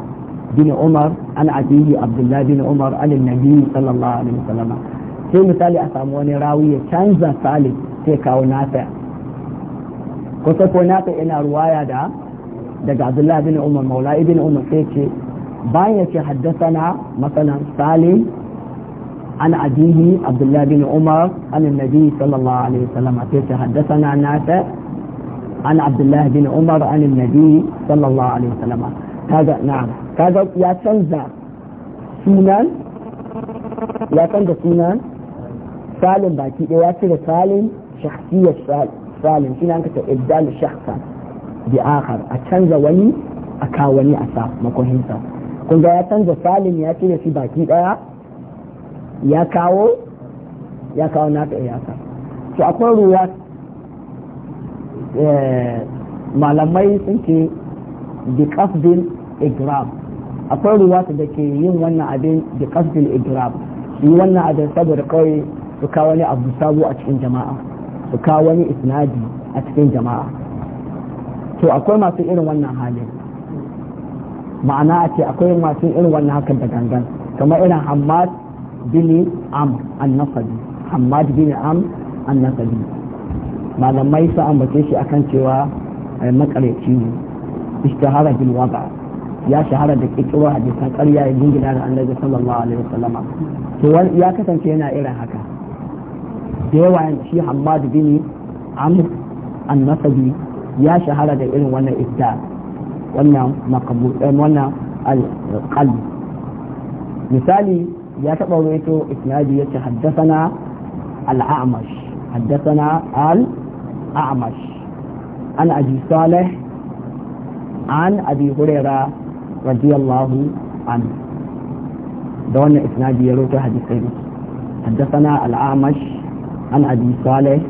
[SPEAKER 1] بن umar an عدي عبد الله بن عمر عن النبي صلى الله sai misali a samu wani rawi ya canza sali sai kawo nafi sai ko nafi yana ruwaya da daga abdullahi bin umar maula ibn umar sai ce bayan ya ce haddasana masalan salim عن أبيه عبد الله بن عمر عن النبي صلى الله عليه وسلم أتيت حدثنا نافع عن عبد الله بن عمر عن النبي صلى الله عليه وسلم هذا نعم هذا يا تنزع سنان يا تنزع salin baki ɗaya ya cire salin shakhsiyar salin shi ne an kata ibdal shakhsa bi akhar a canza wani a kawo wani a sa makohinsa kun ga ya canza salin ya cire shi baki ɗaya ya kawo ya kawo naka iyaka to akwai ruwa eh, malamai sun ce bi qasdin igram akwai ruwa da ke yin wannan abin bi qasdin igram yi wannan abin saboda kawai su kawo wani abu sabo a cikin jama'a su kawo wani isnadi a cikin jama'a to akwai masu irin wannan halin ma'ana a ce akwai masu irin wannan hakan da gangan kamar irin hamad bin am annasabi hamad bin am annasabi malamai su ambace shi akan cewa eh, makareci ne ishtahara bil wada ya shahara da kikiro hadisan ƙarya ya jingina da annabi sallallahu alaihi Wasallama. to ya kasance yana irin haka da yawa shi Hammad bin Amr an-Nasabi ya shahara da irin wannan ibda wannan makabul eh, wannan al misali ya taba ruwaito isnadi ce haddathana al-A'mash haddathana al-A'mash an Abi Saleh an Abi Hurairah radiyallahu anhu da wannan isnadi ya ruwaito hadisi حدثنا الأعمش عن أبي صالح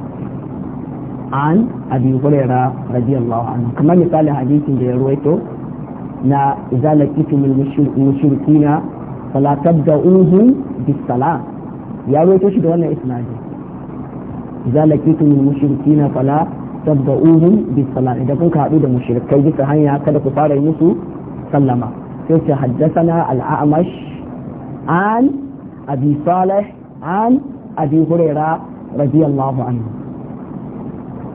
[SPEAKER 1] عن أبي هريرة رضي الله عنه كما مثال حديث اللي رويته نا إذا لقيتم المشركين فلا تبدؤوهم بالصلاة يا رويته شو وانا إسنادي إذا لقيتم المشركين فلا تبدؤوهم بالصلاة إذا كنت هادو ده مشركي جيت هيا كده كفار يوسف سلمة سيرت حدثنا الأعمش عن أبي صالح عن أبي هريرة radiyallahu anhu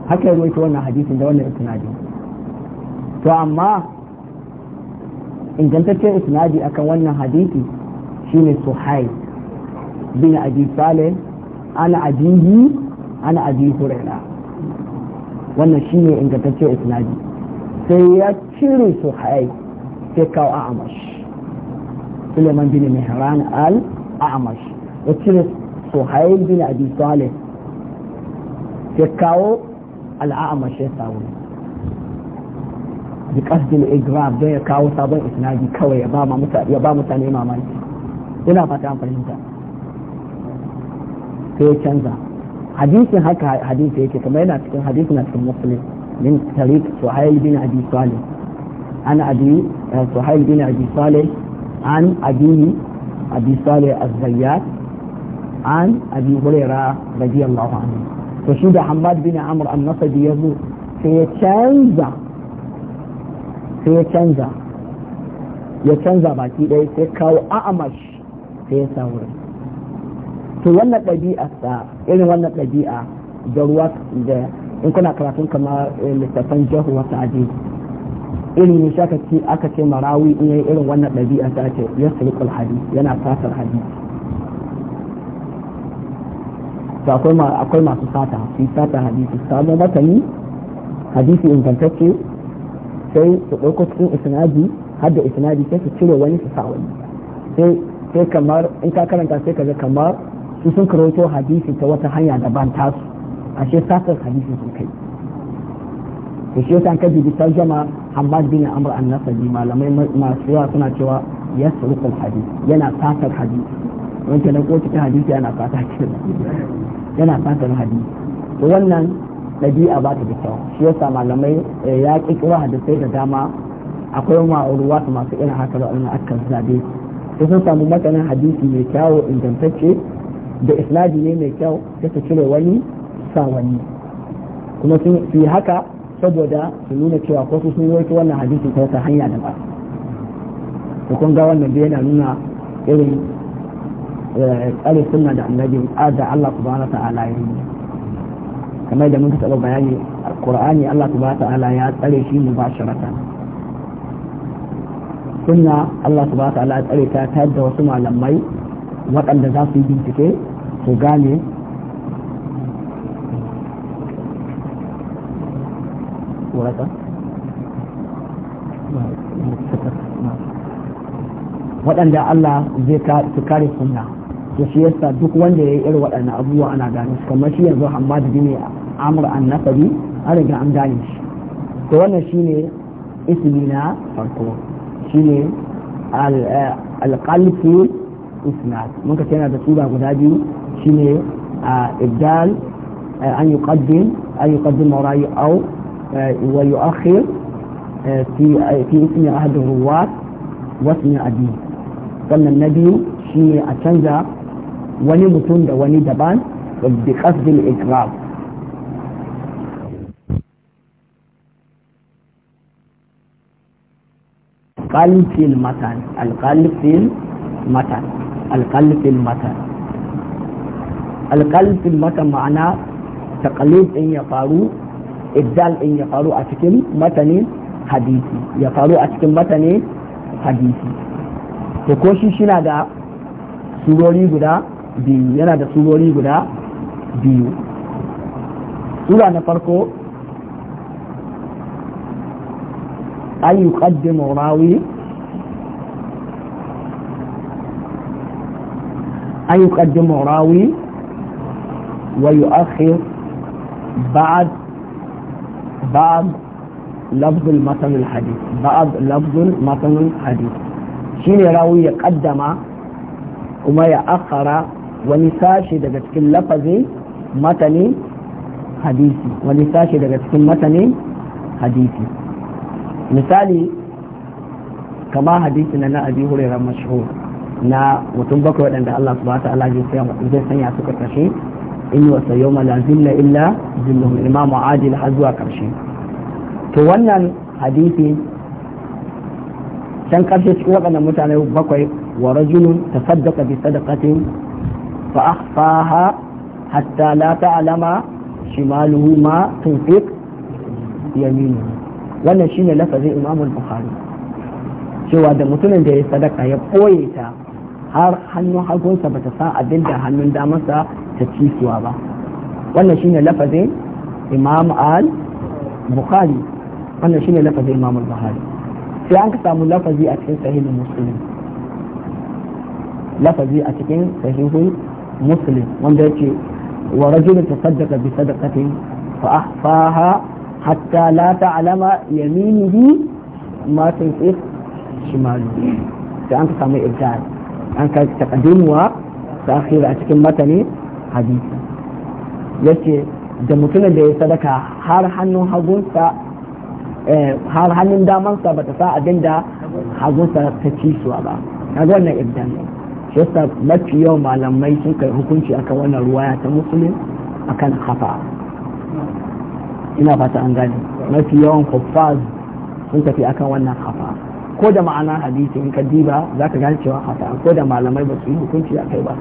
[SPEAKER 1] haka ya ruwaito wannan hadisin da wannan isnadi to amma ingantaccen isnadi akan wannan hadisi shine suha'i bin abi salih ana abihi ana abi hurairah wannan shine ingantaccen isnadi sai ya cire suha'i sai kawo a'amash suleiman bin mihran al a'amash ya cire suha'i bin abi salih ya kawo al'a'amash ya samu bi kasdin igraf don ya kawo sabon isnadi kawai ya ba mutane mamaki yana fata an fahimta sai ya canza hadisin haka hadisi yake kamar yana cikin hadisi na cikin muslim min tariq suhail bin abi salih an abi eh, suhail bin abi salih an abihi abi salih az zayyad an abi hurairah radiyallahu anhu to shi da Hamad bin amur an-Nasabi ya zo sai ya canza sai ya canza ya canza baki ɗaya sai kawo a'amash sai ya sa wurin to wannan ɗabi'a sa irin wannan ɗabi'a da ruwa da in kuna karatun kamar eh, littattafan jahu wata aji irin ya shaka aka ce marawi in yayi irin wannan ɗabi'a ta ce ya sulkul hadisi yana fasar hadisi to akwai akwai masu sata su sata hadisi samu matani hadisi ingantacce sai su ɗauko cikin isnadi har da isnadi sai su cire wani su sa wani sai sai kamar in ka karanta sai kaga kamar su sun karanto hadisi ta wata hanya daban tasu ashe satar hadisi sun kai to shi yasa ka bibi tarjama Hamad bin Amr an-Nasabi malamai masu yawa suna cewa yasruqul hadisi yana satar hadisi wanke na ko cikin hadisi yana fata cikin yana fata na hadisi to wannan ɗabi'a ba ta da kyau shi yasa malamai eh, ya ƙirƙiro hadisai da dama akwai su masu irin haka da wannan akan zabe sai sun samu matsayin hadisi mai kyawu ingantacce da isnadi ne mai kyau sai su cire wani sa wani kuma sun fi haka saboda su nuna cewa ko su sun yi wannan hadisi ta wata hanya da ba ga wannan da yana nuna irin tsare suna da annabi da Allah subhanahu ta'ala ya yi kamar da muka taɓa bayani alqur'ani Allah subhanahu ta'ala ya tsare shi mubasharatan sunna Allah subhanahu ta'ala ya tsare ta ta da wasu malamai waɗanda za su yi bincike su gane waɗanda Allah zai su kare sunna to shi yasa duk wanda ya yi irin waɗannan abubuwa ana gane su kamar shi yanzu hamadu bin amur an nasabi an riga an gane shi to wannan shine ismi na farko shine alƙalfi isnad mun ka tana da sura guda biyu shine ibdal an yi qaddin an yi qaddin mawrayi au wa yu'akhir fi ismi ahad ruwat wasu ne abi wannan na biyu shine a canza wani mutum da wani daban bi qasdil ikram alqalb matan alqalb matan matan matan ma'ana taqlid in ya faru iddal ya faru a cikin matanin hadisi ya faru a cikin matanin hadisi to ko shi shina da surori guda biyu yana da surori guda biyu sura na farko an yi ƙaddimu rawi an yi ƙaddimu rawi wa yi akhir ba'ad ba'ad lafzul matanul hadith ba'ad lafzul matanul hadith shine rawi ya ƙaddama kuma ya akhara wani sashe daga cikin lafazi matanin hadisi wani sashe daga cikin ne hadisi misali kama hadisi na na hurairar na mutum bakwai waɗanda Allah subhanahu wa ta'ala zai sanya suka kashe in wa sayyoma mala zilla illa zilluhun imamu adil har zuwa karshe to wannan hadisi can karshe cikin waɗannan mutane bakwai wa rajulun tasaddaqa bi sadaqatin فأخفاها حتى لا تعلم شماله ما تنفق يمينه wannan shine lafazin imamul bukhari cewa da mutumin da ya sadaka ya ɓoye ta har hannun hagunsa bata san abin da hannun damansa ta ci suwa ba wannan shine lafazin imam al bukhari wannan shine lafazin imam al bukhari sai an ka samu lafazi a cikin sahihin muslim lafazi a cikin sahihul muslim wanda yake wa rajulun tasaddaqa bi sadaqatin fa ahfaha hatta la ta'lama yaminihi ma tunfif shimalu sai an samu ibdal an kai taqdim wa ta'khir a cikin matani hadisi yace da mutumin da ya sadaka har hannun hagunsa har hannun damansa bata sa abinda da ta ci suwa ba kaga wannan ibdal ne yasa mafi yawan malamai sun kai hukunci akan wannan ruwaya ta musulun akan hafa ina fata an gani mafi yawan kuffaz sun tafi akan wannan hafa ko da ma'ana hadisi in ka diba za ka gane cewa hafa ko da malamai ba su yi hukunci a kai ba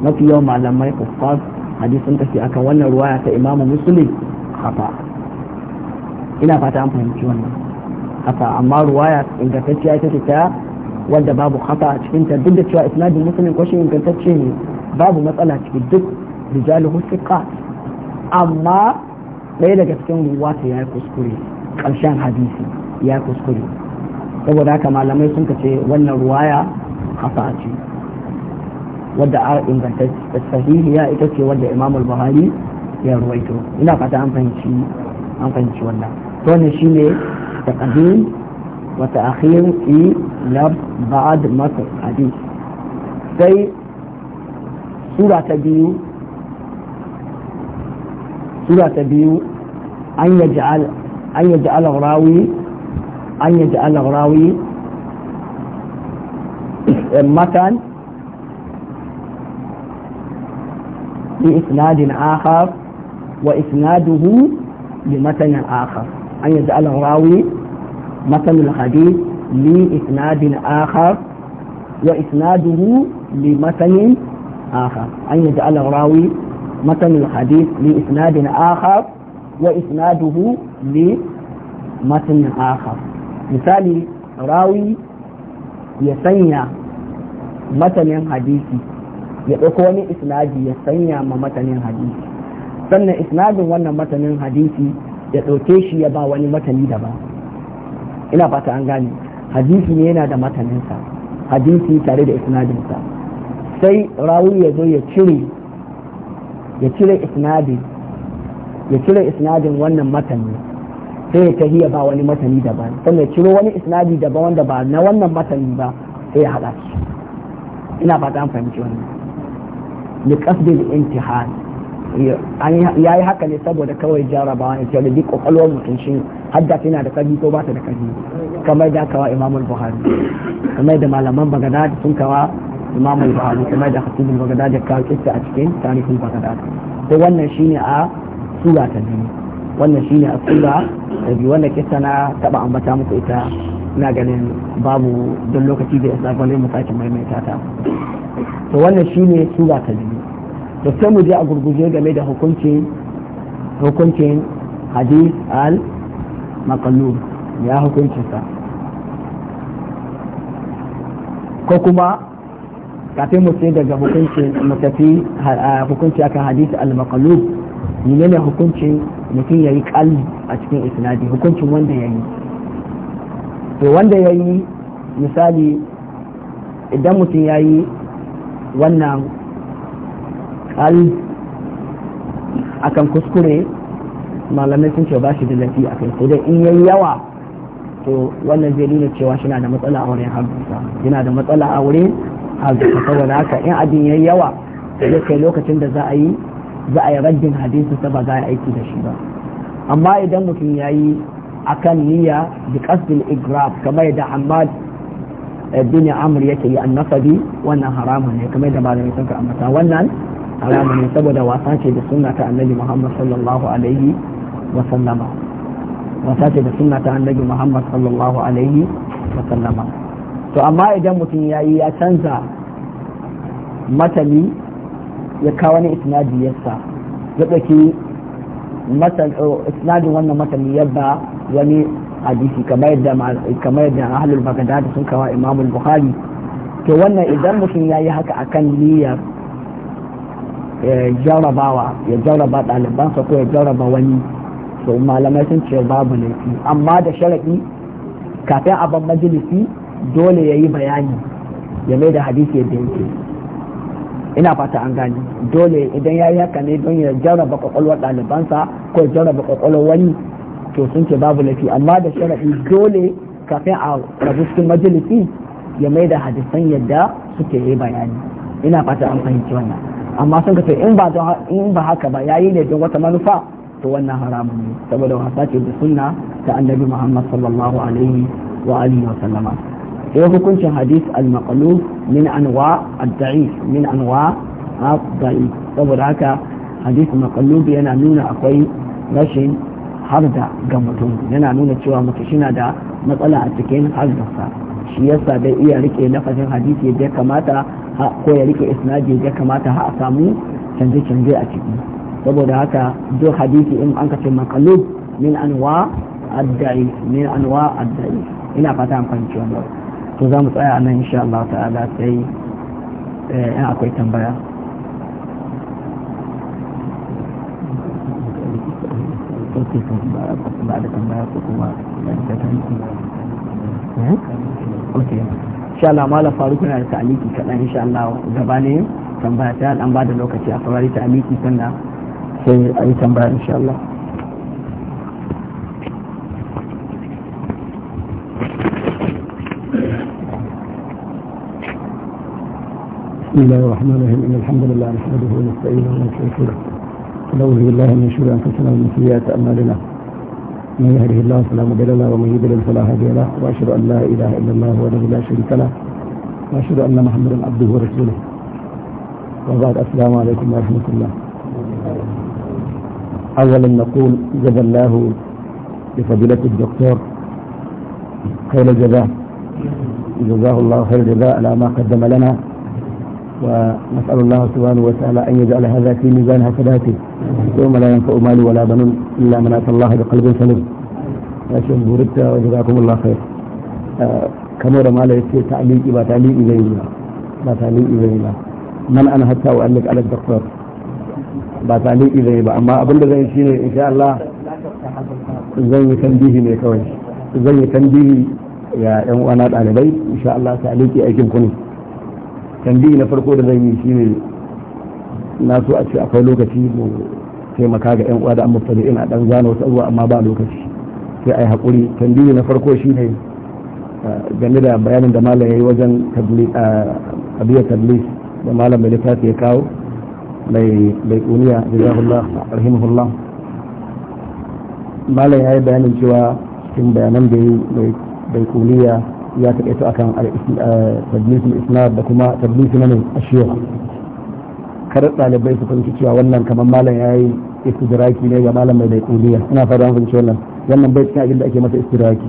[SPEAKER 1] mafi yawan malamai kuffaz sun tafi akan wannan ruwaya ta imamu musulun hafa ina fata an fahimci wannan hafa amma ruwaya ingantacciya ita ce ta wanda babu khata a cikin ta duk da cewa isnadin musulmin ko shi ingantacce ne babu matsala cikin duk rijaluhu thiqat amma ɗaya daga cikin ta ya yi kuskure ƙarshen hadisi ya yi kuskure saboda haka malamai sun ce wannan ruwaya khata ce wadda a ingantacce sahihiya ita ce wadda imamul buhari ya ruwaito ina fata an fahimci an fahimci wannan to ne shine taqdim وتأخير في لب بعد مصر حديث في سورة تبيو سورة تبيو أن يجعل أن يجعل غراوي أن يجعل غراوي مكان بإسناد آخر وإسناده بمتن آخر أن يجعل الراوي مثل الحديث لإسناد آخر وإسناده لمثل آخر أن يجعل الراوي مثل الحديث لإسناد آخر وإسناده لمثل آخر مثالي راوي يسنى مثل حديثي ya ɗauko wani isnadi ya sanya ma matanin hadisi sannan isnadin wannan matanin hadisi ya ɗauke shi ya ba wani matani daban ina fata an gane hadisi ne yana da mataninsa hadisi tare da isnadinsa sai rawi ya zo ya cire ya cire isnadin ya cire isnadin wannan matani sai ya tahiya ba wani matani daban sannan ya ciro wani isnadi daban wanda ba na wannan matani ba sai ya haɗa shi ina fata an fahimci wannan li qasdil intihal ya yi haka ne saboda kawai jarabawa wani cewa duk kwakwalwar mutum shi hadda tana da kabi ko ba ta da kabi kamar da kawa imamul buhari kamar da malaman bagada sun kawa imamul buhari kamar da hasibin bagada da kawo kista a cikin tarihin bagada to wannan shine a sura ta biyu wannan shine a sura ta biyu wannan kista na taba ambata muku ita ina ganin babu don lokaci da ya sa gwale mu sake maimaita ta to wannan shine sura ta biyu to sai mu je a gurguje game da hukuncin hukuncin hadis al maqallub ya hukuncin sa ko kuma kafin mu sai daga hukuncin mu hukunci akan hadis al ne ne hukuncin mutum yayi kalbi a cikin isnadi hukuncin wanda yayi to wanda yayi misali idan mutum yayi wannan al akan kuskure malamai sun ce ba shi da lafi a kai dai in yayi yawa to wannan zai nuna cewa shi na da matsala a wurin hajjinsa yana da matsala a wurin hajjinsa saboda haka in abin yayi yawa zai kai lokacin da za a yi za a yi raddin hadisi sa za a aiki da shi ba amma idan mutum ya yi akan niyya bi qasdil igrab kamar yadda Ahmad bin Amr yake yi annasabi wannan haramun ne kamar yadda malamai sun ka ambata wannan haramu ne saboda wasa ce da sunna ta annabi muhammad sallallahu alaihi wa sallama wasa ce da sunna ta annabi muhammad sallallahu alaihi wa sallama to amma idan mutum ya yi ya canza matali ya kawo wani isnadi yasa ya ɗauki eh, isnadin wannan matali ya ba wani hadisi kamar yadda kamar yadda ahlul bagdad sun kawo imamul bukhari to wannan idan mutum ya yi haka akan niyyar jarrabawa ya jarraba ɗalibansa ko ya jarraba wani so malamai sun ce babu laifi amma da sharaɗi kafin a ban majalisi dole ya yi bayani ya mai da hadisi ya dinke ina fata an gani dole idan ya yi haka ne don ya jarraba kwakwalwar ɗalibansa ko ya jarraba kwakwalwar wani to sun ce babu laifi amma da sharaɗi dole kafin a rabu cikin majalisi ya mai da hadisan yadda suke yi bayani ina fata an fahimci wannan amma sun ka in ba in ba haka ba yayi ne don wata manufa to wannan haramun ne saboda wasa ce da sunna ta annabi Muhammad sallallahu alaihi wa alihi wa sallama sai hukuncin hadis al-maqlub min anwa ad-da'if min anwa ad-da'if saboda haka hadis maqlub yana nuna akwai rashin harda ga mutum yana nuna cewa mutum shina da matsala a cikin hardarsa shi yasa dai iya rike nafasin hadisi da ya kamata ko ya rike isnadi da ya kamata ha a samu canje-canje a ciki saboda haka duk hadisi in an kace makalub min anwa addai min anwa addai ina fata an fahimci wannan to za mu tsaya a nan insha Allah ta'ala sai eh, in akwai tambaya
[SPEAKER 2] ba da tambaya ko kuma da tambaya eh? ok
[SPEAKER 1] insha Allah malam faruku na da ta'aliki kaɗan insha Allah gaba ne tambaya ta an ba da lokaci a saurari ta'aliki sannan sai a yi tambaya insha Allah
[SPEAKER 3] بسم الله الرحمن الرحيم ان الحمد لله نحمده ونستعينه ونستغفره ونعوذ بالله من شرور انفسنا ومن سيئات اعمالنا من يهده الله فلا مضل له ومن يضلل فلا هادي له واشهد ان لا اله الا الله وحده لا شريك له واشهد ان محمدا عبده ورسوله وبعد السلام عليكم ورحمه الله اولا نقول جزا الله لفضيله الدكتور خير الجزاء جزاه الله خير الجزاء على ما قدم لنا ونسأل الله سبحانه وتعالى أن يجعل هذا في ميزان حسناته يوم لا ينفع مال ولا بنون إلا من أتى الله بقلب سليم يا شيخ بوردة وجزاكم الله خير آه، كما رمى لا تعليق إلى تعليق إلينا ما تعليق إلينا من أنا حتى أؤلف على الدكتور ba taliki zai ba amma abinda zai shi ne insha Allah zan yi tambihi ne kawai zan أنا tambihi ya yan uwana dalibai insha tambayi na farko da zan yi shine na so a ce akwai lokaci mu taimaka ga yan uwa da amma fadi ina dan zana wasu abubuwa amma ba lokaci sai ai hakuri tambayi na farko shine eh, game da bayanin da malam yayi wajen eh, abiyar tablis da malam mai littafi ya kawo mai mai kuniya jazahullah rahimahullah malam yayi bayanin cewa cikin bayanan da yi bai kuniya ya taƙaito a kan eh, tablisul isnad da kuma tablisul nanin ashiyar kada ɗalibai su fahimci cewa wannan kamar malam ya yi istidraki ne ga malam mai daikuriya ina fara an fahimci wannan wannan bai cikin abin da ake masa istidraki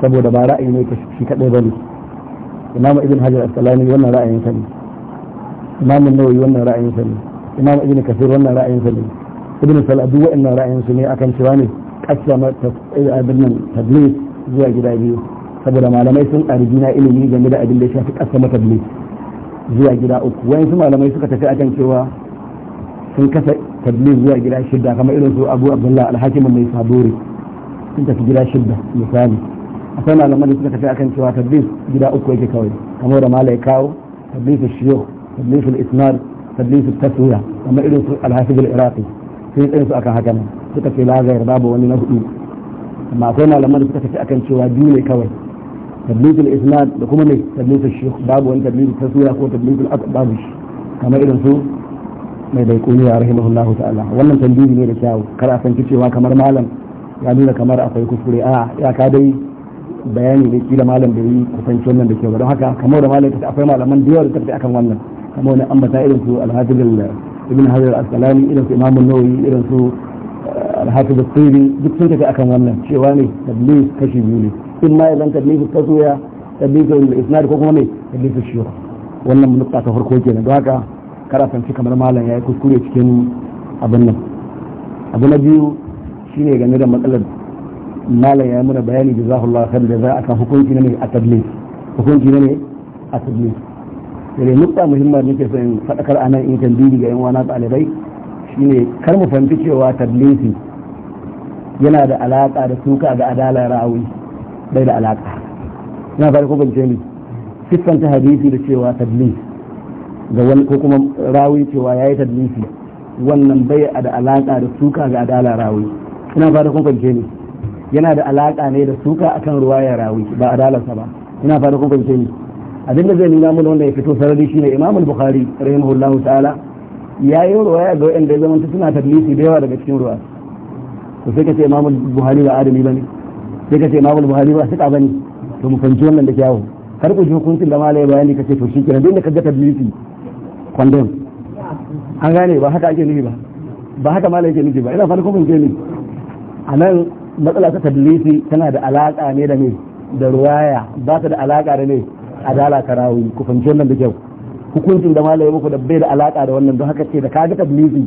[SPEAKER 3] saboda ba ra'ayi ne shi kaɗai ba ne imamu ibn hajar asqalani wannan ra'ayin sa ne imamu nawawi wannan ra'ayin sa ne imamu ibn kasir wannan ra'ayin sa ne ibn saladu wa'annan ra'ayin su ne akan cewa ne kasama eh, abin nan tablis zuwa gida biyu saboda malamai sun ƙarfi na ilimi game da abin da ya shafi ƙasa mata zuwa gida uku wayansu malamai suka tafi akan cewa sun kasa tablis zuwa gida shidda kamar irin su abu abdullah alhakim mai sabori sun tafi gida shidda misali akwai malaman da suka tafi akan cewa tablis gida uku yake kawai kamar da malai kawo tablis shiyo tablis isnad tablis tasuya kamar irin su alhafiz al-iraqi sun tsaye su akan hakan suka ce la babu wani na hudu amma akwai malamai da suka tafi akan cewa biyu ne kawai تدليس الإسناد لكم أنه تدليس الشيخ باب وأن تدليس التسوية أو تدليس الأطب باب كما إذا سوء ما إذا يقول يا رحمه الله تعالى وأن تدليس ميرا شاو كرا سنكتش ما كمر مالا يا يعني نولا كمر أطي كفري آع آه، يا كادي بياني لك إلى مالا بي كفن شونا بكي ودو حكا كمور مالا كتأفر مالا من ديور تبتأ كم وانا كمور أما تائل سوء الهاتف ابن هذا الأسلامي إذا سوء إمام النووي إذا سوء آه، الهاتف الطيبي دكتور تبتأ كم وانا شواني تدليس كشي بيولي in ma idan tabligu taswiya tabligu isnad ko kuma me tabligu shura wannan nukta ta farko ke kenan don haka san shi kamar malam yayi kuskure cikin abin nan abu na biyu shine game da matsalar malam ya mana bayani da zahullah khair da za a kan hukunci ne a tablis hukunci ne a tablis dare nukta muhimma nake son fadakar anan in tambayi ga yan wana ɗalibai shine kar mu fahimci cewa tablisi yana da alaka da suka ga adala ra'ayi bai da alaka na fara ko bance ni siffanta hadisi da cewa tadlis ga wani ko kuma rawi cewa yayi tadlisi wannan bai da alaka da suka ga adala rawi ina fara ko bance ni yana da alaka ne da suka akan ruwayar rawi ba adalarsa ba ina fara ko bance ni abin da zai nuna mun wanda ya fito sarari shine Imam al-Bukhari rahimahullahu ta'ala yi ruwaya ga wanda ya zama suna tadlisi da yawa daga cikin ruwa to sai ka ce Imam al-Bukhari ba adami bane sai ka ce ma imamul buhari ba suka bane to mu fahimci wannan da kyawu har ku ji hukuncin da malai bayani kace to shikenan dinda da kaga tadlisi condemn an gane ba haka ake nufi ba ba haka malai yake nufi ba ina fara kuma ni a nan matsala ta tadlisi tana da alaka ne da me da ruwaya ba ta da alaka da me adala karawi ku fahimci wannan da kyawu hukuncin da malai muku da bai da alaka da wannan don haka ce da kaga tadlisi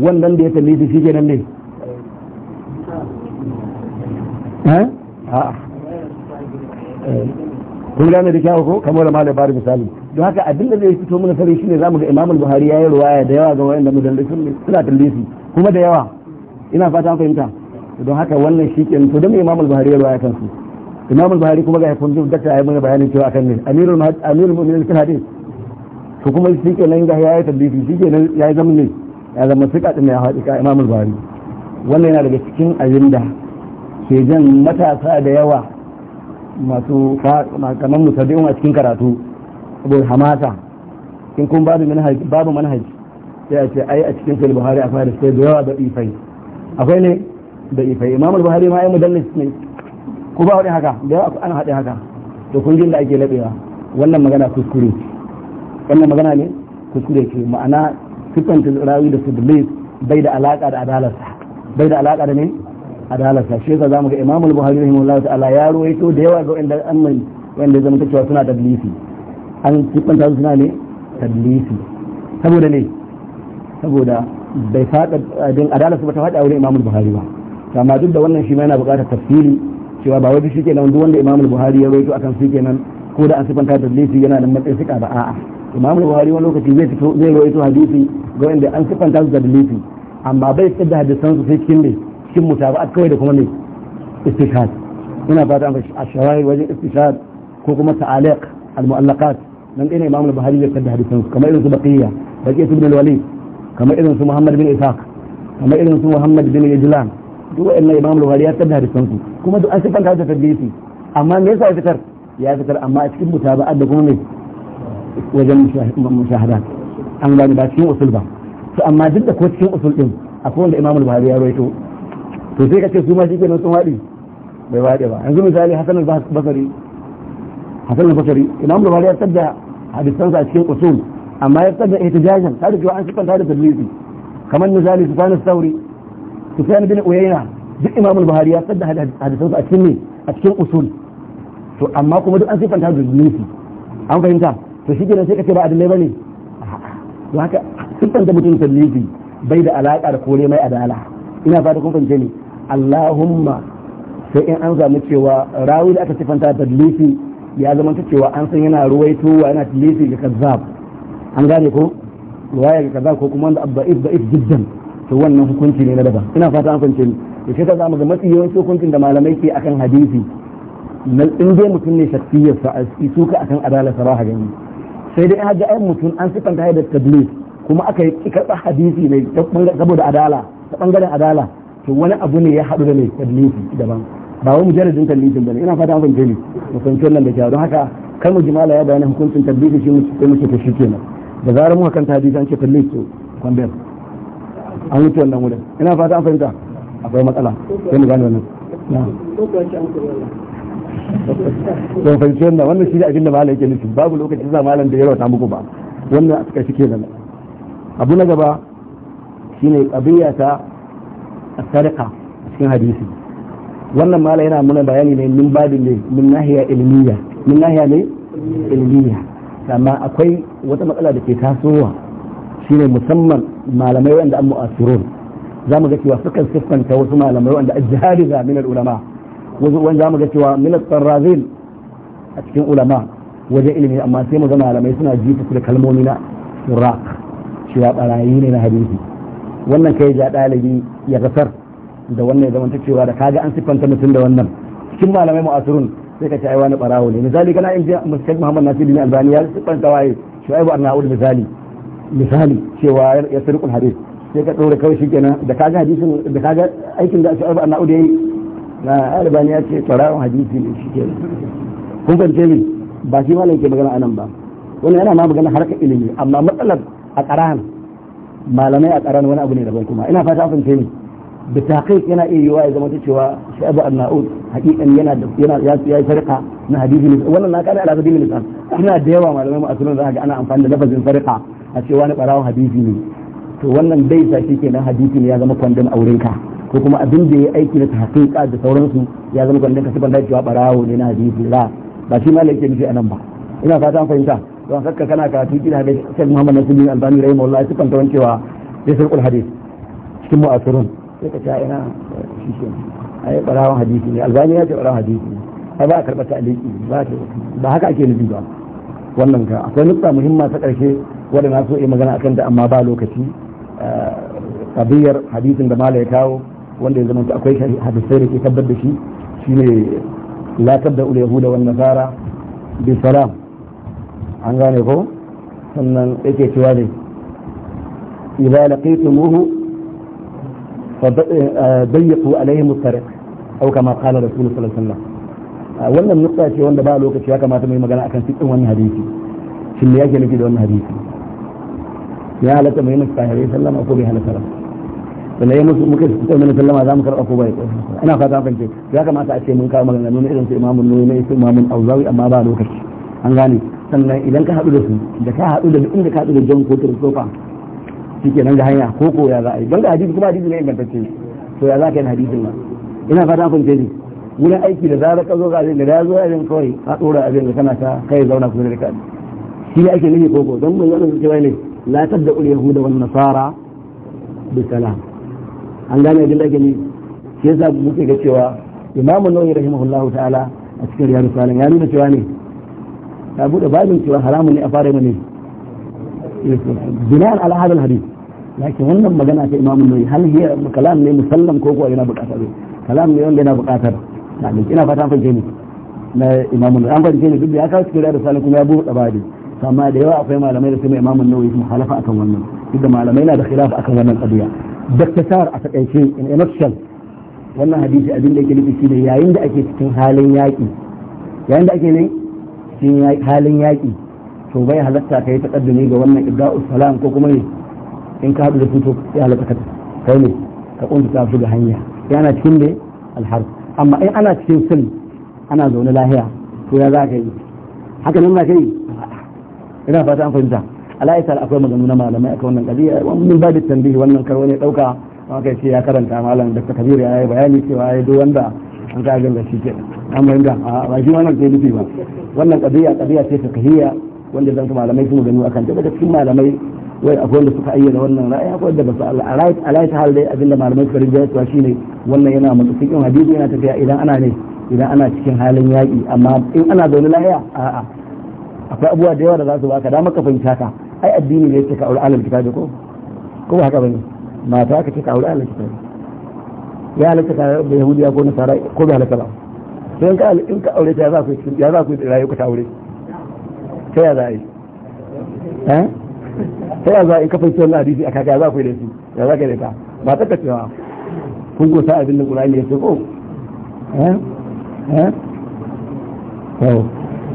[SPEAKER 3] wannan da ya tadlisi shikenan ne Eh. kun gane da kyawu ko kamar ma bari misali don haka abin da zai fito mana sare shine zamu ga Imam Buhari yayi ruwaya da yawa ga wayanda mudallisin suna tallisi kuma da yawa ina fata an fahimta don haka wannan shi to da Imam Buhari ya ruwaya kansu Imam Buhari kuma ga yafi da ta yi mana bayanin cewa akan ne Amirul Amirul Mu'minin kan hadis to kuma shi nan ga yayi tallisi shi nan yayi zaman ne ya zama sika din ya haɗi ka Imam Buhari wannan yana daga cikin abin ke jan matasa da yawa masu kamar musabbi a cikin karatu abu hamasa in kun babu manhaji babu sai a ce ai a cikin sai buhari a fara sai da yawa da ifai akwai ne da ifai imamul buhari ma ai mudallis ne ku ba wani haka da yawa an haɗe haka to kun jin da ake labewa wannan magana kuskure wannan magana ne kuskure ce ma'ana sifanta rawi da sudlis bai da alaƙa da adalarsa bai da alaƙa da ne adalarsa shi yasa zamu ga Imam al-Buhari rahimahullahu ta'ala ya ruwaito da yawa ga inda annabi wanda zama ta cewa suna tadlisi an kibanta ta suna ne tadlisi saboda ne saboda bai fada din adalarsa ba ta fada wurin Imam al-Buhari ba amma duk da wannan shi ma yana buƙatar tafsiri cewa ba wai shi nan duk wanda Imam al-Buhari ya ruwaito akan shi kenan ko da an sifanta tadlisi yana da matsayin sika ba a'a Imam al-Buhari wani lokaci zai fito zai ruwaito hadisi ga wanda an sifanta su tadlisi amma bai tsada hadisan su sai cikin ne cikin mutaba'at kawai da kuma ne istishhad ina fata an a shawai wajen istishhad ko kuma ta'aliq al-mu'allaqat dan ina imam al-buhari ya kada hadisan kamar irin su baqiya baqiya ibn al-walid kamar irin su muhammad bin ishaq kamar irin su muhammad bin ijlan duk wa'annan imam al-buhari ya kada hadisan su kuma duk an sifanta da tadbisi amma me yasa ya fitar ya fitar amma a cikin mutaba'at da kuma ne wajen mushahadat an ba ni ba cikin usul ba to amma duk da ko cikin usul din akwai wanda imam al-buhari ya rawaito to sai ka ce su ma shi kenan sun waɗi bai waɗe ba yanzu misali hasan al-basari hasan al-basari imam bukhari ya tsada hadisan a cikin usul amma ya tsada ihtijajan sai da cewa an sifanta da dalili kamar misali sufyan al-thawri sufyan bin uyayna duk imam al-bukhari ya tsada hadisan a cikin ne a cikin usul to amma kuma duk an sifanta da dalili an fahimta to shi kenan sai ka ce ba adalai bane to haka sifanta mutum dalili bai da alaka da kore mai adala ina fata kun fahimce ni allahumma sai in an zamu cewa rawi da aka sifanta da tadlisi ya zama ta cewa an san yana wa yana tadlisi ga kazzab an gane ko ruwaya ga kazzab ko kuma wanda abba'if da'if jiddan to wannan hukunci ne na daban ina fata an fahimce ni da shi ka zamu ga mafi yawancin hukuncin da malamai ke akan hadisi na in dai mutum ne shakkiyar sa su ka akan adalar sa ba gani sai dai hajji ai mutum an sifanta da tadlis kuma aka yi karɓar hadisi ne saboda adala ta bangaren adala to wani abu ne ya haɗu da mai tallifi daban ba wai mujarradin tablifin bane ina fata an fahimce ni mu fahimci wannan da kyau don haka kar mu jimala ya bayyana hukuncin tallifi shi sai muke ta shi kenan da zarar muka kanta hadisi an ce tallifi to kwambel an wuce wannan wurin ina fata an fahimta akwai matsala sai mu gane wannan don fahimci wannan wannan shi ne abin da malam yake nufi babu lokacin za malam da ya ta muku ba wannan a suka shi kenan abu na gaba shine qadiyya ta sadaka cikin hadisi wannan mala yana muna bayani ne min babin ne min nahiya ilmiya min nahiya ne ilmiya amma akwai wata matsala da ke tasowa shine musamman malamai wanda an mu'asirun za mu ga cewa sukan siffanta wasu malamai wanda ajihari za min ulama wani za mu ga cewa min tsarrazin a cikin ulama wajen ilimi amma sai mu ga malamai suna jifa su da kalmomi na iraq cewa barayi ne na hadisi wannan kai ja dalibi ya gasar da wannan ya zama ta cewa da kaga an siffanta mutum da wannan cikin malamai mu'asirun sai ka ce ai wani barawo ne misali kana in ji muskaj muhammad nasiru bin albani ya siffanta waye shu'aibu arna'ud misali misali cewa ya sirqul hadith sai ka ɗora kawai shi kenan da kaga hadisin da kaga aikin da shu'aibu arna'ud yayi na albani ya ce barawon hadisi ne shi kenan kun fahimce ni ba shi malam ke magana anan ba wannan yana ma magana harkar ilimi amma matsalar a karahan malamai a tsaron wani abu ne daban kuma ina fata an ni da takai yana iya yiwa ya zama ta cewa sha'abu anna'ud hakikan yana yana ya yi sarka na hadisi ne wannan na kare alaka dinin lisan ina da yawa malamai mu a sunan za ga ana amfani da lafazin sarka a ce wani barawon hadisi ne to wannan bai sa shi kenan hadisi ne ya zama kwandon aurenka ko kuma abin da ya aiki na tahqiqa da sauransu ya zama kwandon ka saban da cewa barawo ne na hadisi la ba shi malai yake nufi anan ba ina fata an fahimta don haka kana karatu kila da Sheikh Muhammad Nasiruddin Albani rahimahullah ya sifanta cewa da sirkul hadith cikin mu'asirun sai ka ta ina shi shi ai barawan hadisi ne Albani ya ce barawan hadisi ne ai ba a ta ta'aliki ba ba haka ake nufi ba wannan ka akwai nukta muhimma ta ƙarshe wanda na so yi magana akan da amma ba lokaci kabiyar eh, hadisin da mala ya kawo wanda ya zamanta akwai hadisai da ke tabbar da shi shine la tabda ul yahuda wan nasara bi salam an gane ko sannan yake cewa ne idza laqitumuhu fadayyiqu eh, alaihim at-tariq aw kama qala rasul sallallahu alaihi wasallam ah, wannan nukta ce wanda ba lokaci ya kamata mai magana akan cikin wannan hadisi shin me yake nufi da wannan hadisi ya halatta mai musu tahirai sallama ko bai halatta ba na yi musu muka fito mana sallama za mu karɓa ko bai ina fata fahimce ya kamata a ce mun kawo maganganu na irin su imamun nuna irin su imamun auzawi amma ba lokaci an gane sannan idan ka haɗu da su da ka haɗu da inda ka haɗu da jan ko kiristofa shi ke nan da hanya ko ko ya za a yi don da hadisi kuma hadisi ne ingantacce to ya za ka yi hadisin nan ina fata an fahimce ni wurin aiki da zarar ka zo ga abin da ya zo abin kawai ka ɗora abin da kana ta kai zauna kusa da kai shi ne ake nufi koko don mun zanen cewa ne la tadda ul yahuda wan nasara bi salam an gane abin da ake ne shi yasa muke ga cewa imamu nawawi rahimahullahu ta'ala a cikin riyadu salam ya nuna cewa ne ta bude babin cewa haramun ne a fara ne bina'an al hadal hadith lakin wannan magana ta imam an-nawawi hal hiya kalam ne musallam ko kuwa yana buƙatar kalam ne wanda yana buƙatar na ne ina fata fahimce ni na imam an-nawawi an fahimce ni duk da ya kawo cikin da sanin kuma ya buɗe babi amma da yawa akwai malamai da kuma imam an-nawawi su halafa akan wannan duk da malamai na da khilaf akan wannan qadiya daktar a takaice in a nutshell wannan hadisi abin da yake nufi shine yayin da ake cikin halin yaƙi yayin da ake ne cikin halin yaƙi to bai halatta ka yi taƙaddumi ga wannan ibda'u salam ko kuma ne in ka haɗu da fito ya halatta ka kai ne ka kunta su ga hanya yana cikin ne alharb amma in ana cikin sun ana zaune lahiya to ya za ka yi haka nan za ka yi ina fata an fahimta alaisa akwai maganganu na malamai akan wannan kadiya eh, wannan babu tambayi wannan karwane ne dauka haka ce ya karanta malam dr kabir ya yi bayani cewa ya duk wanda an ga ga shi ke amma inda ba shi wannan ke nufi ba wannan qadiya qadiya ce kahiya wanda zan malamai sun gani akan daga cikin malamai wai akwai wanda suka ayyana wannan ra'ayi akwai wanda ba su Allah a rai ta hal dai abinda malamai suka rinjaya shi ne wannan yana mutu cikin hadisi yana tafiya idan ana ne idan ana cikin halin yaƙi amma in ana zaune lahiya a'a akwai abubuwa da yawa da za su baka dama ka fahimta ka ai addini ne ce ka aure alal kitabi ko ko ba haka bane mata ka ce ka aure alal kitabi ya halitta ka da yahudiya ko nasara ko bai halitta ba sai in ka in ka aure ta ya za ku yi rayu ka ta aure ta ya za a yi eh? ta ya za a yi kafin ciwon na adisi a kaka ya za ku yi da su ya za ka yi da ta ba ta ka cewa kun gosa abin da ƙura'ani ya ce ko eh eh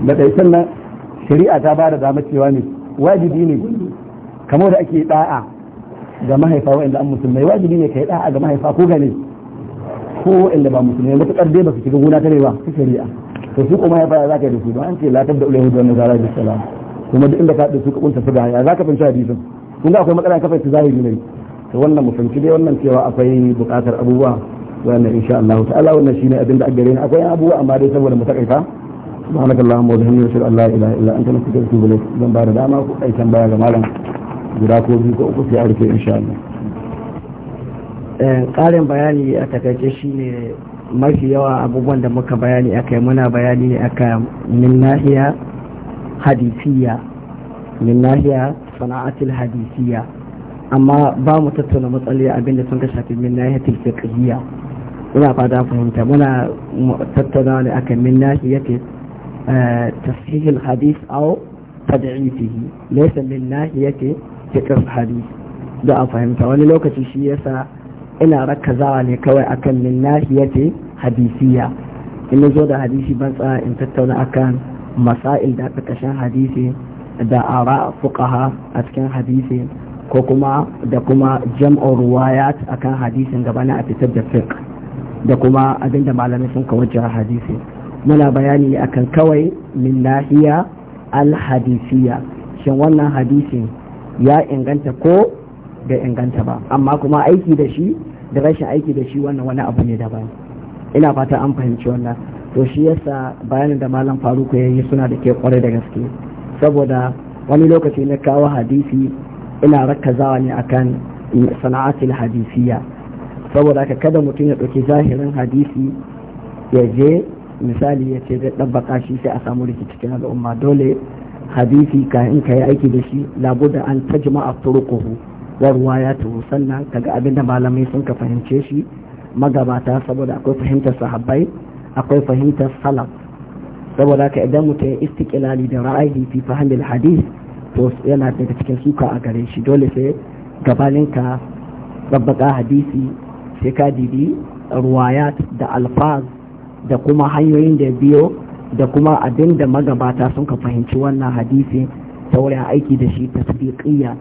[SPEAKER 3] da sannan shari'a ta ba da dama cewa ne wajibi ne kamar da ake da'a ga mahaifa wa'anda an musulmai wajibi ne ka yi da'a ga mahaifa ko gane ko inda ba musulmi ba ta dai ba su shiga gona ta ba su shari'a to su kuma ya fara zaka da su ba an ce la tabda ulai hudu na zara bi salam kuma duk inda ka da su ka kunta su ga ya zaka fanta hadisin kun ga akwai matsala ka fanta zahiri ne to wannan mu fahimci dai wannan cewa akwai bukatar abubuwa wannan insha Allah ta'ala wannan shine abin da aggare ni akwai abubuwa amma dai saboda mutakaifa takaita subhanaka allahumma wa bihamdika ashhadu an la ilaha illa anta astaghfiruka wa atubu ilayk zan ba da dama ku aikan baya ga malam guda ko biyu ko uku sai a rufe insha Allah Eh, ƙarin bayani a takaice shine mafi
[SPEAKER 1] yawa abubuwan da muka bayani aka yi muna bayani ne aka min nahiya hadisiya min nahiya sana'atul hadisiya amma ba mu tattauna matsaloli abinda sun ka shafi min nahiyatul fiqhiyya ina fata fahimta muna tattauna ne aka min nahiyatul eh, tasihil hadith aw tad'ifihi laysa min nahiyatul fiqh da a fahimta wani lokaci shi yasa ina rakazawa ne kawai akan min nahiyati hadisiya in zo da hadisi ban tsaya in tattauna akan masail da ƙarƙashin hadisi da ara fuqaha a cikin hadisi ko kuma da kuma jam'ar ruwayat akan hadisin gaba na a fitar da fiqh da kuma abinda malamai sun kawo jira hadisi muna bayani ne akan kawai min nahiya alhadisiya shin wannan hadisin ya inganta ko bai inganta ba amma kuma aiki da shi da rashin aiki da shi wannan wani abu ne daban ina fata an fahimci wannan to shi yasa bayanin da malam faruku ya yi suna da ke kware da gaske saboda wani lokaci na kawo hadisi ina rakkazawa ne akan sana'atul hadisiya saboda ka kada mutum ya ɗauki zahirin hadisi ya je misali ya ce zai ɗabbaka shi sai a samu rikicin al'umma dole hadisi ka in aiki da shi labuda an ta jima'a turukuhu ga ruwa ya tuhu sannan kaga abin da malamai sun ka fahimce shi magabata saboda akwai fahimtar sahabbai akwai fahimtar salaf saboda ka idan mutum ya istiqlali da ra'ayi fi fahimil hadis to yana daga cikin suka a gare shi dole sai gabanin ka babbaka hadisi sai ka dibi ruwayat da alfaz da kuma hanyoyin da biyo da kuma abin da magabata sun ka fahimci wannan hadisi ta wurin aiki da shi tasbiqiyya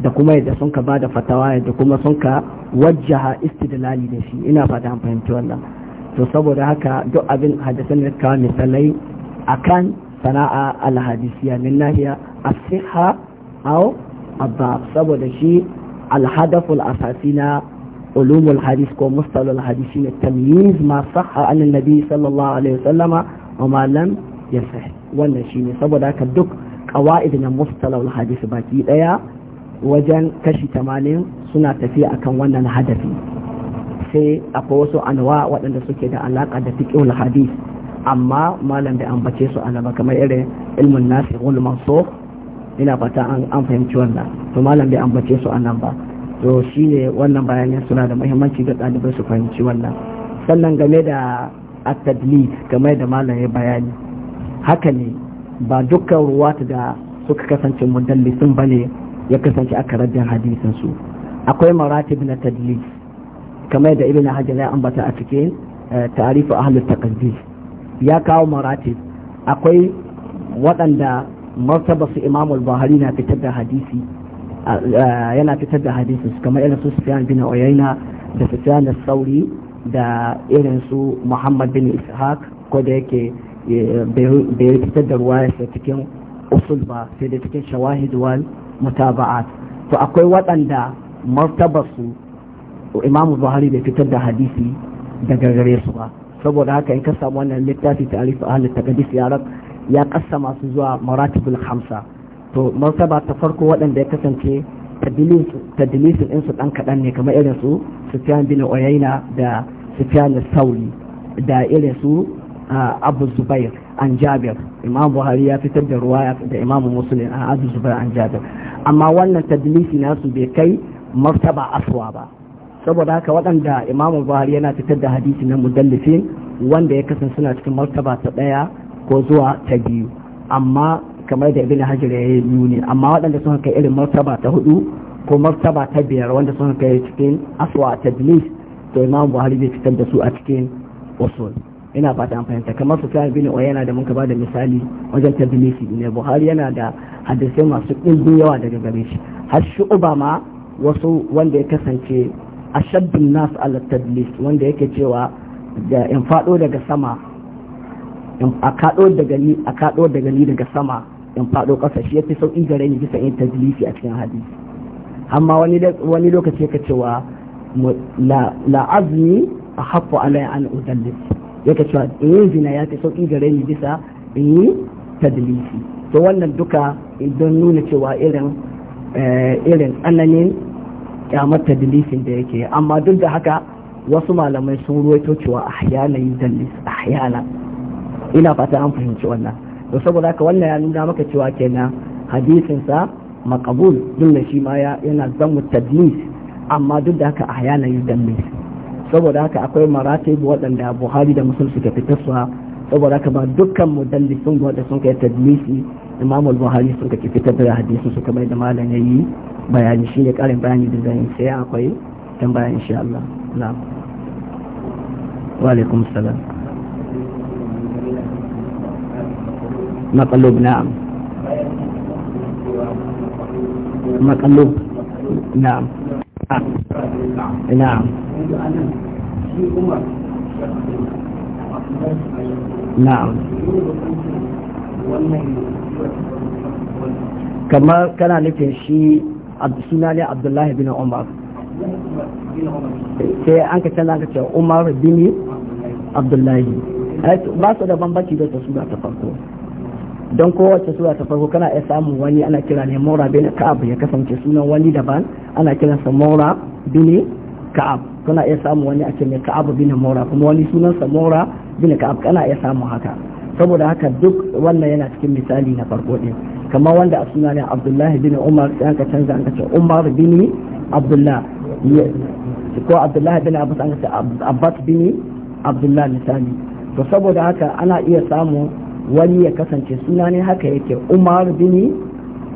[SPEAKER 1] da kuma yadda sun ka ba da fatawa yadda kuma sun ka wajjaha istidlali da shi ina fata an fahimci wannan to saboda haka duk abin hadisan da kawo misalai akan sana'a alhadisiya min nahiya asiha aw abab saboda shi alhadaful asasi na ulumul hadis ko mustalul hadis ne tamyiz ma sahha an annabi sallallahu alaihi wasallama wa ma lam yasah wannan shine saboda haka duk qawaid na mustalul hadis baki daya wajen kashi tamanin suna tafiya akan wannan hadafi sai akwai wasu anwa waɗanda suke da alaƙa da fiqhul hadith amma malam da ambace su ana kamar irin ilmin nasi wal so ina fata an fahimci wannan to malam an ambace su anan ba to shine wannan bayanin suna da muhimmanci ga ɗalibai su fahimci wannan sannan game da at-tadlid game da malam ya bayani haka ne ba dukkan ta da suka kasance mudallisin bane ya kasance aka rajin hadisin su akwai maratib na tadlis kamar da ibn hajar ya ambata a cikin eh, ta'arifu ahlul taqaddis ya kawo maratib akwai waɗanda martaba su imamul buhari na fitar da hadisi eh, yana fitar da hadisi kamar irin su sufyan bin uyayna da sufyan sauri da irin su muhammad bin ishaq ko da yake eh, bai fitar da ruwaya cikin usul ba sai da cikin shawahid wal mutaba'at to akwai waɗanda martabarsu imamu buhari bai fitar da hadisi daga gare su ba saboda haka in ka samu wannan littafi ta alifu ahli taqdis ya rab ya kassama su zuwa maratibul hamsa to martaba ta farko waɗanda ya kasance tadilisin in su ɗan kaɗan ne kamar irin su sufyan bin oyaina da sufyan sauri da irin su ah, abu zubair an jabir imam buhari ya fitar da ruwa da imam muslim a azu zubair an jabir amma wannan tadlisi nasu bai kai martaba aswa ba saboda haka waɗanda imam buhari yana fitar da hadisi na mudallifin wanda ya kasance suna cikin martaba ta ɗaya ko zuwa ta biyu amma kamar da ibn hajar ya yi nuni amma waɗanda suka kai irin martaba ta hudu ko martaba ta biyar wanda suka kai cikin aswa tadlis to imam buhari bai fitar da su a cikin usul ina fata an fahimta kamar su sa'ad bin yana da muka bada misali wajen tadlisi ne buhari yana da hadisai masu ɗin yawa daga gare shi har shi obama wasu wanda ya kasance ashaddun nas ala tadlis wanda yake cewa da in fado daga sama a kaɗo daga ni a kaɗo daga ni daga sama in fado kasa shi yafi sauki gare ni bisa in tadlisi a cikin hadisi amma wani wani lokaci yake cewa la azmi a haƙƙo alai an udallisi yake cewa in eh, zina ya fi sauki gare ni bisa in yi tadlisi to wannan duka don nuna cewa irin eh, irin tsananin kyamar tadlisin da yake amma duk da haka wasu malamai sun ruwaito cewa ahyana yi ahyana ina fata an fahimci wannan to saboda haka wannan ya nuna maka cewa kenan hadisin sa makabul duk da shi ma yana zamu tadlis amma duk da haka ahyana yi saboda haka akwai maratib waɗanda buhari da musul suka fitar su saboda haka ba dukkan mudallisin wanda sun kai tadlisi imam buhari sun kai fitar da hadisi su kamar da malam yayi bayani shi ne karin bayani da zan sai akwai tambaya insha Allah na'am wa alaikum salam maqlub na'am maqlub na'am
[SPEAKER 2] na'am na'am
[SPEAKER 1] kamar kana nufin shi suna ne abdullahi bin umar sai an ka canza ka ce umar bin abdullahi ba su da bambanci da su suna ta farko don kowace sura ta farko kana iya samun wani ana kira ne maura bin ka'ab ya kasance sunan wani daban ana kiransa maura bin ka'ab kana iya samun wani a cikin mai ka'ab bin maura kuma wani sunan sa maura bin ka'ab kana iya samun haka saboda haka duk wannan yana cikin misali na farko din kamar wanda a suna ne abdullahi bin umar sai aka canza an ce umar bin Abdullahi. ko abdullahi bin abbas an ce abbas bin Abdullahi, misali to saboda haka ana iya samun wani ya kasance suna ne haka yake umar bin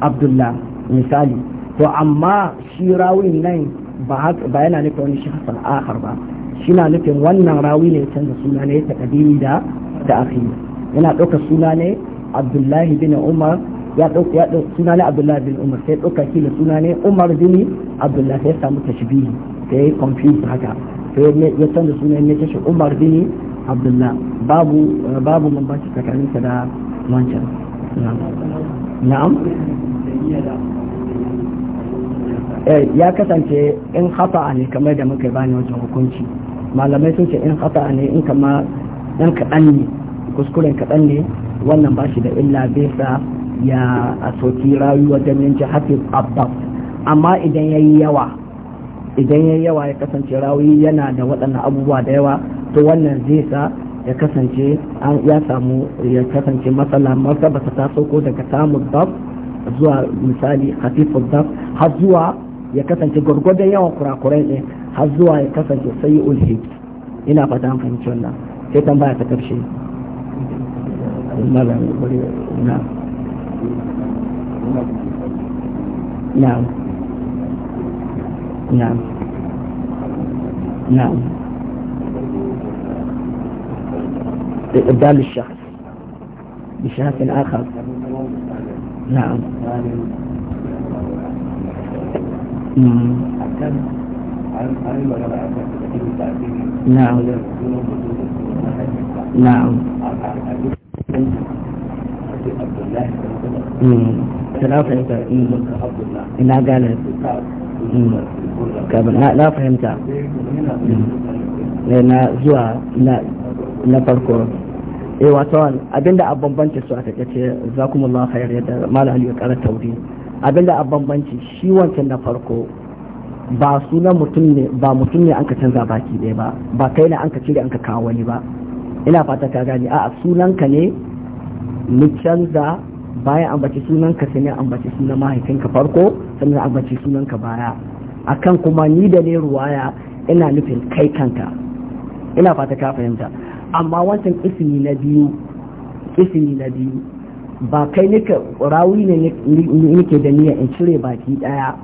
[SPEAKER 1] abdullah misali to amma shi rawin nan ba yana nufin wani shi hasan akhar ba shi na nufin wannan rawi ne canza suna ne ta kadimi da da akhiri yana ɗauka suna ne abdullahi bin umar ya ɗauka suna ne abdullahi bin umar sai ɗauka shi da suna ne umar bin abdullahi sai samu tashbihi sai ya confuse haka sai ya canza suna ne tashi umar bin abdullah babu babu mun bashi tsakanin sa da wancan
[SPEAKER 2] na'am eh,
[SPEAKER 1] ya kasance in hafa ne kamar da muka bani wancan hukunci malamai sun ce in hafa ne in kama dan kaɗan ne kuskuren kaɗan ne wannan ba shi da illa bisa ya soki rayuwar da yanci hafi abbas amma idan ya yi yawa idan ya yawa ya kasance rawi yana da waɗannan abubuwa da yawa to wannan zai sa ya kasance ya samu ya kasance matsala martaba ta taso ko daga samun daf zuwa misali hafifu daf har zuwa ya kasance gwargwadon yawan kurakurai ne har zuwa ya kasance sai ulhi ina fata an fahimci wannan sai tambaya ta karshe
[SPEAKER 2] na'am نعم نعم
[SPEAKER 1] الدال الشخص بشخص آخر
[SPEAKER 2] نعم نعم نعم نعم
[SPEAKER 1] ثلاثة نعم قالت na fahimta na zuwa na farko eh wato abinda a bambanci su a takaice mu khair yadda malam aliyu kara tauri abinda a bambanci shi wancan na farko ba sunan mutum ne ba mutum ne anka canza baki ɗaya ba ba kai ne anka cire anka kawo wani ba ina fata ka gani a sunanka ne mu canza bayan ambaci sunanka sai ne ambaci sunan mahaifinka farko sannan ambaci sunanka baya akan kuma ni da ne ruwaya ina nufin kai kanka ina fata ka fahimta amma wancan ismi na biyu ismi na biyu ba kai nika rawi ne nike da niyya in cire baki daya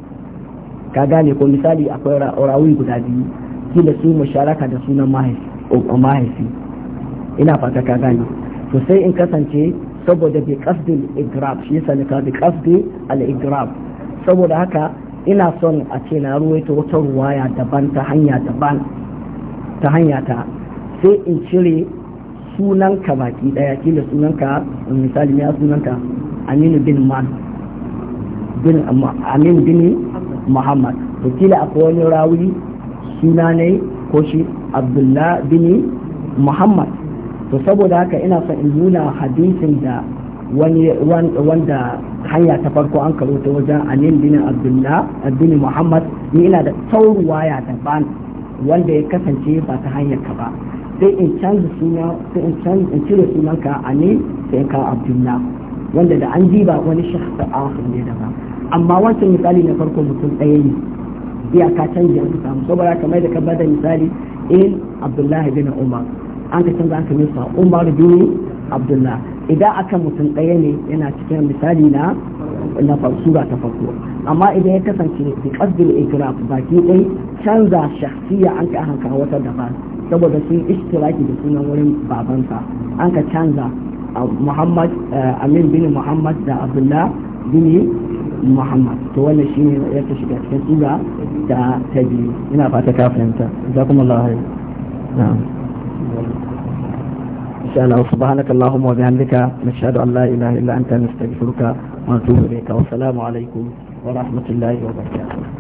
[SPEAKER 1] ka gane ko misali akwai rawi guda biyu da su musharaka da sunan um, mahaifi ina fata ka gane to sai in kasance saboda bi al igrab shi yasa ka bi qasdi al igrab saboda haka ina son a ce na ruwaito wata ruwaya daban ta hanya daban ta hanya ta sai in cire sunanka baki daya kila sunanka misali ya sunanka aminu bin man bin aminu bin muhammad to kila akwai wani rawi suna ne ko shi abdullah bin muhammad to saboda haka ina son in nuna hadisin da wanda hanya ta farko an karo ta wajen anin bin abdullah addini muhammad ni ina da tauruwa ya daban wanda ya kasance ba ta hanyar ka ba sai in canza suna sai in canza in cire sunanka anin sai ka abdullah wanda da an ba wani a wasu ne daban amma wancan misali na farko mutum ɗaya ne iyaka canji an musu saboda kamar da ka bada misali in abdullahi bin umar an ka canza an ka nisa umar biyu abdullah idan akan mutum ɗaya ne yana cikin misali na na sura ta farko amma idan ya kasance bi qasdil ikraf baki dai canza shakhsiya an ka hanka wata daba saboda sun ishtiraki da sunan wurin babansa an ka canza Muhammad eh, Amin bin Muhammad da Abdullah bin Muhammad to wannan shine ya ta shiga cikin sura da ta biyu ina fata ka fahimta jazakumullahu khair na'am insha Allah subhanaka Allahumma wa bihamdika nashhadu an la ilaha illa anta nastaghfiruka
[SPEAKER 2] wa natubu ilayka wa assalamu alaikum wa rahmatullahi wa barakatuh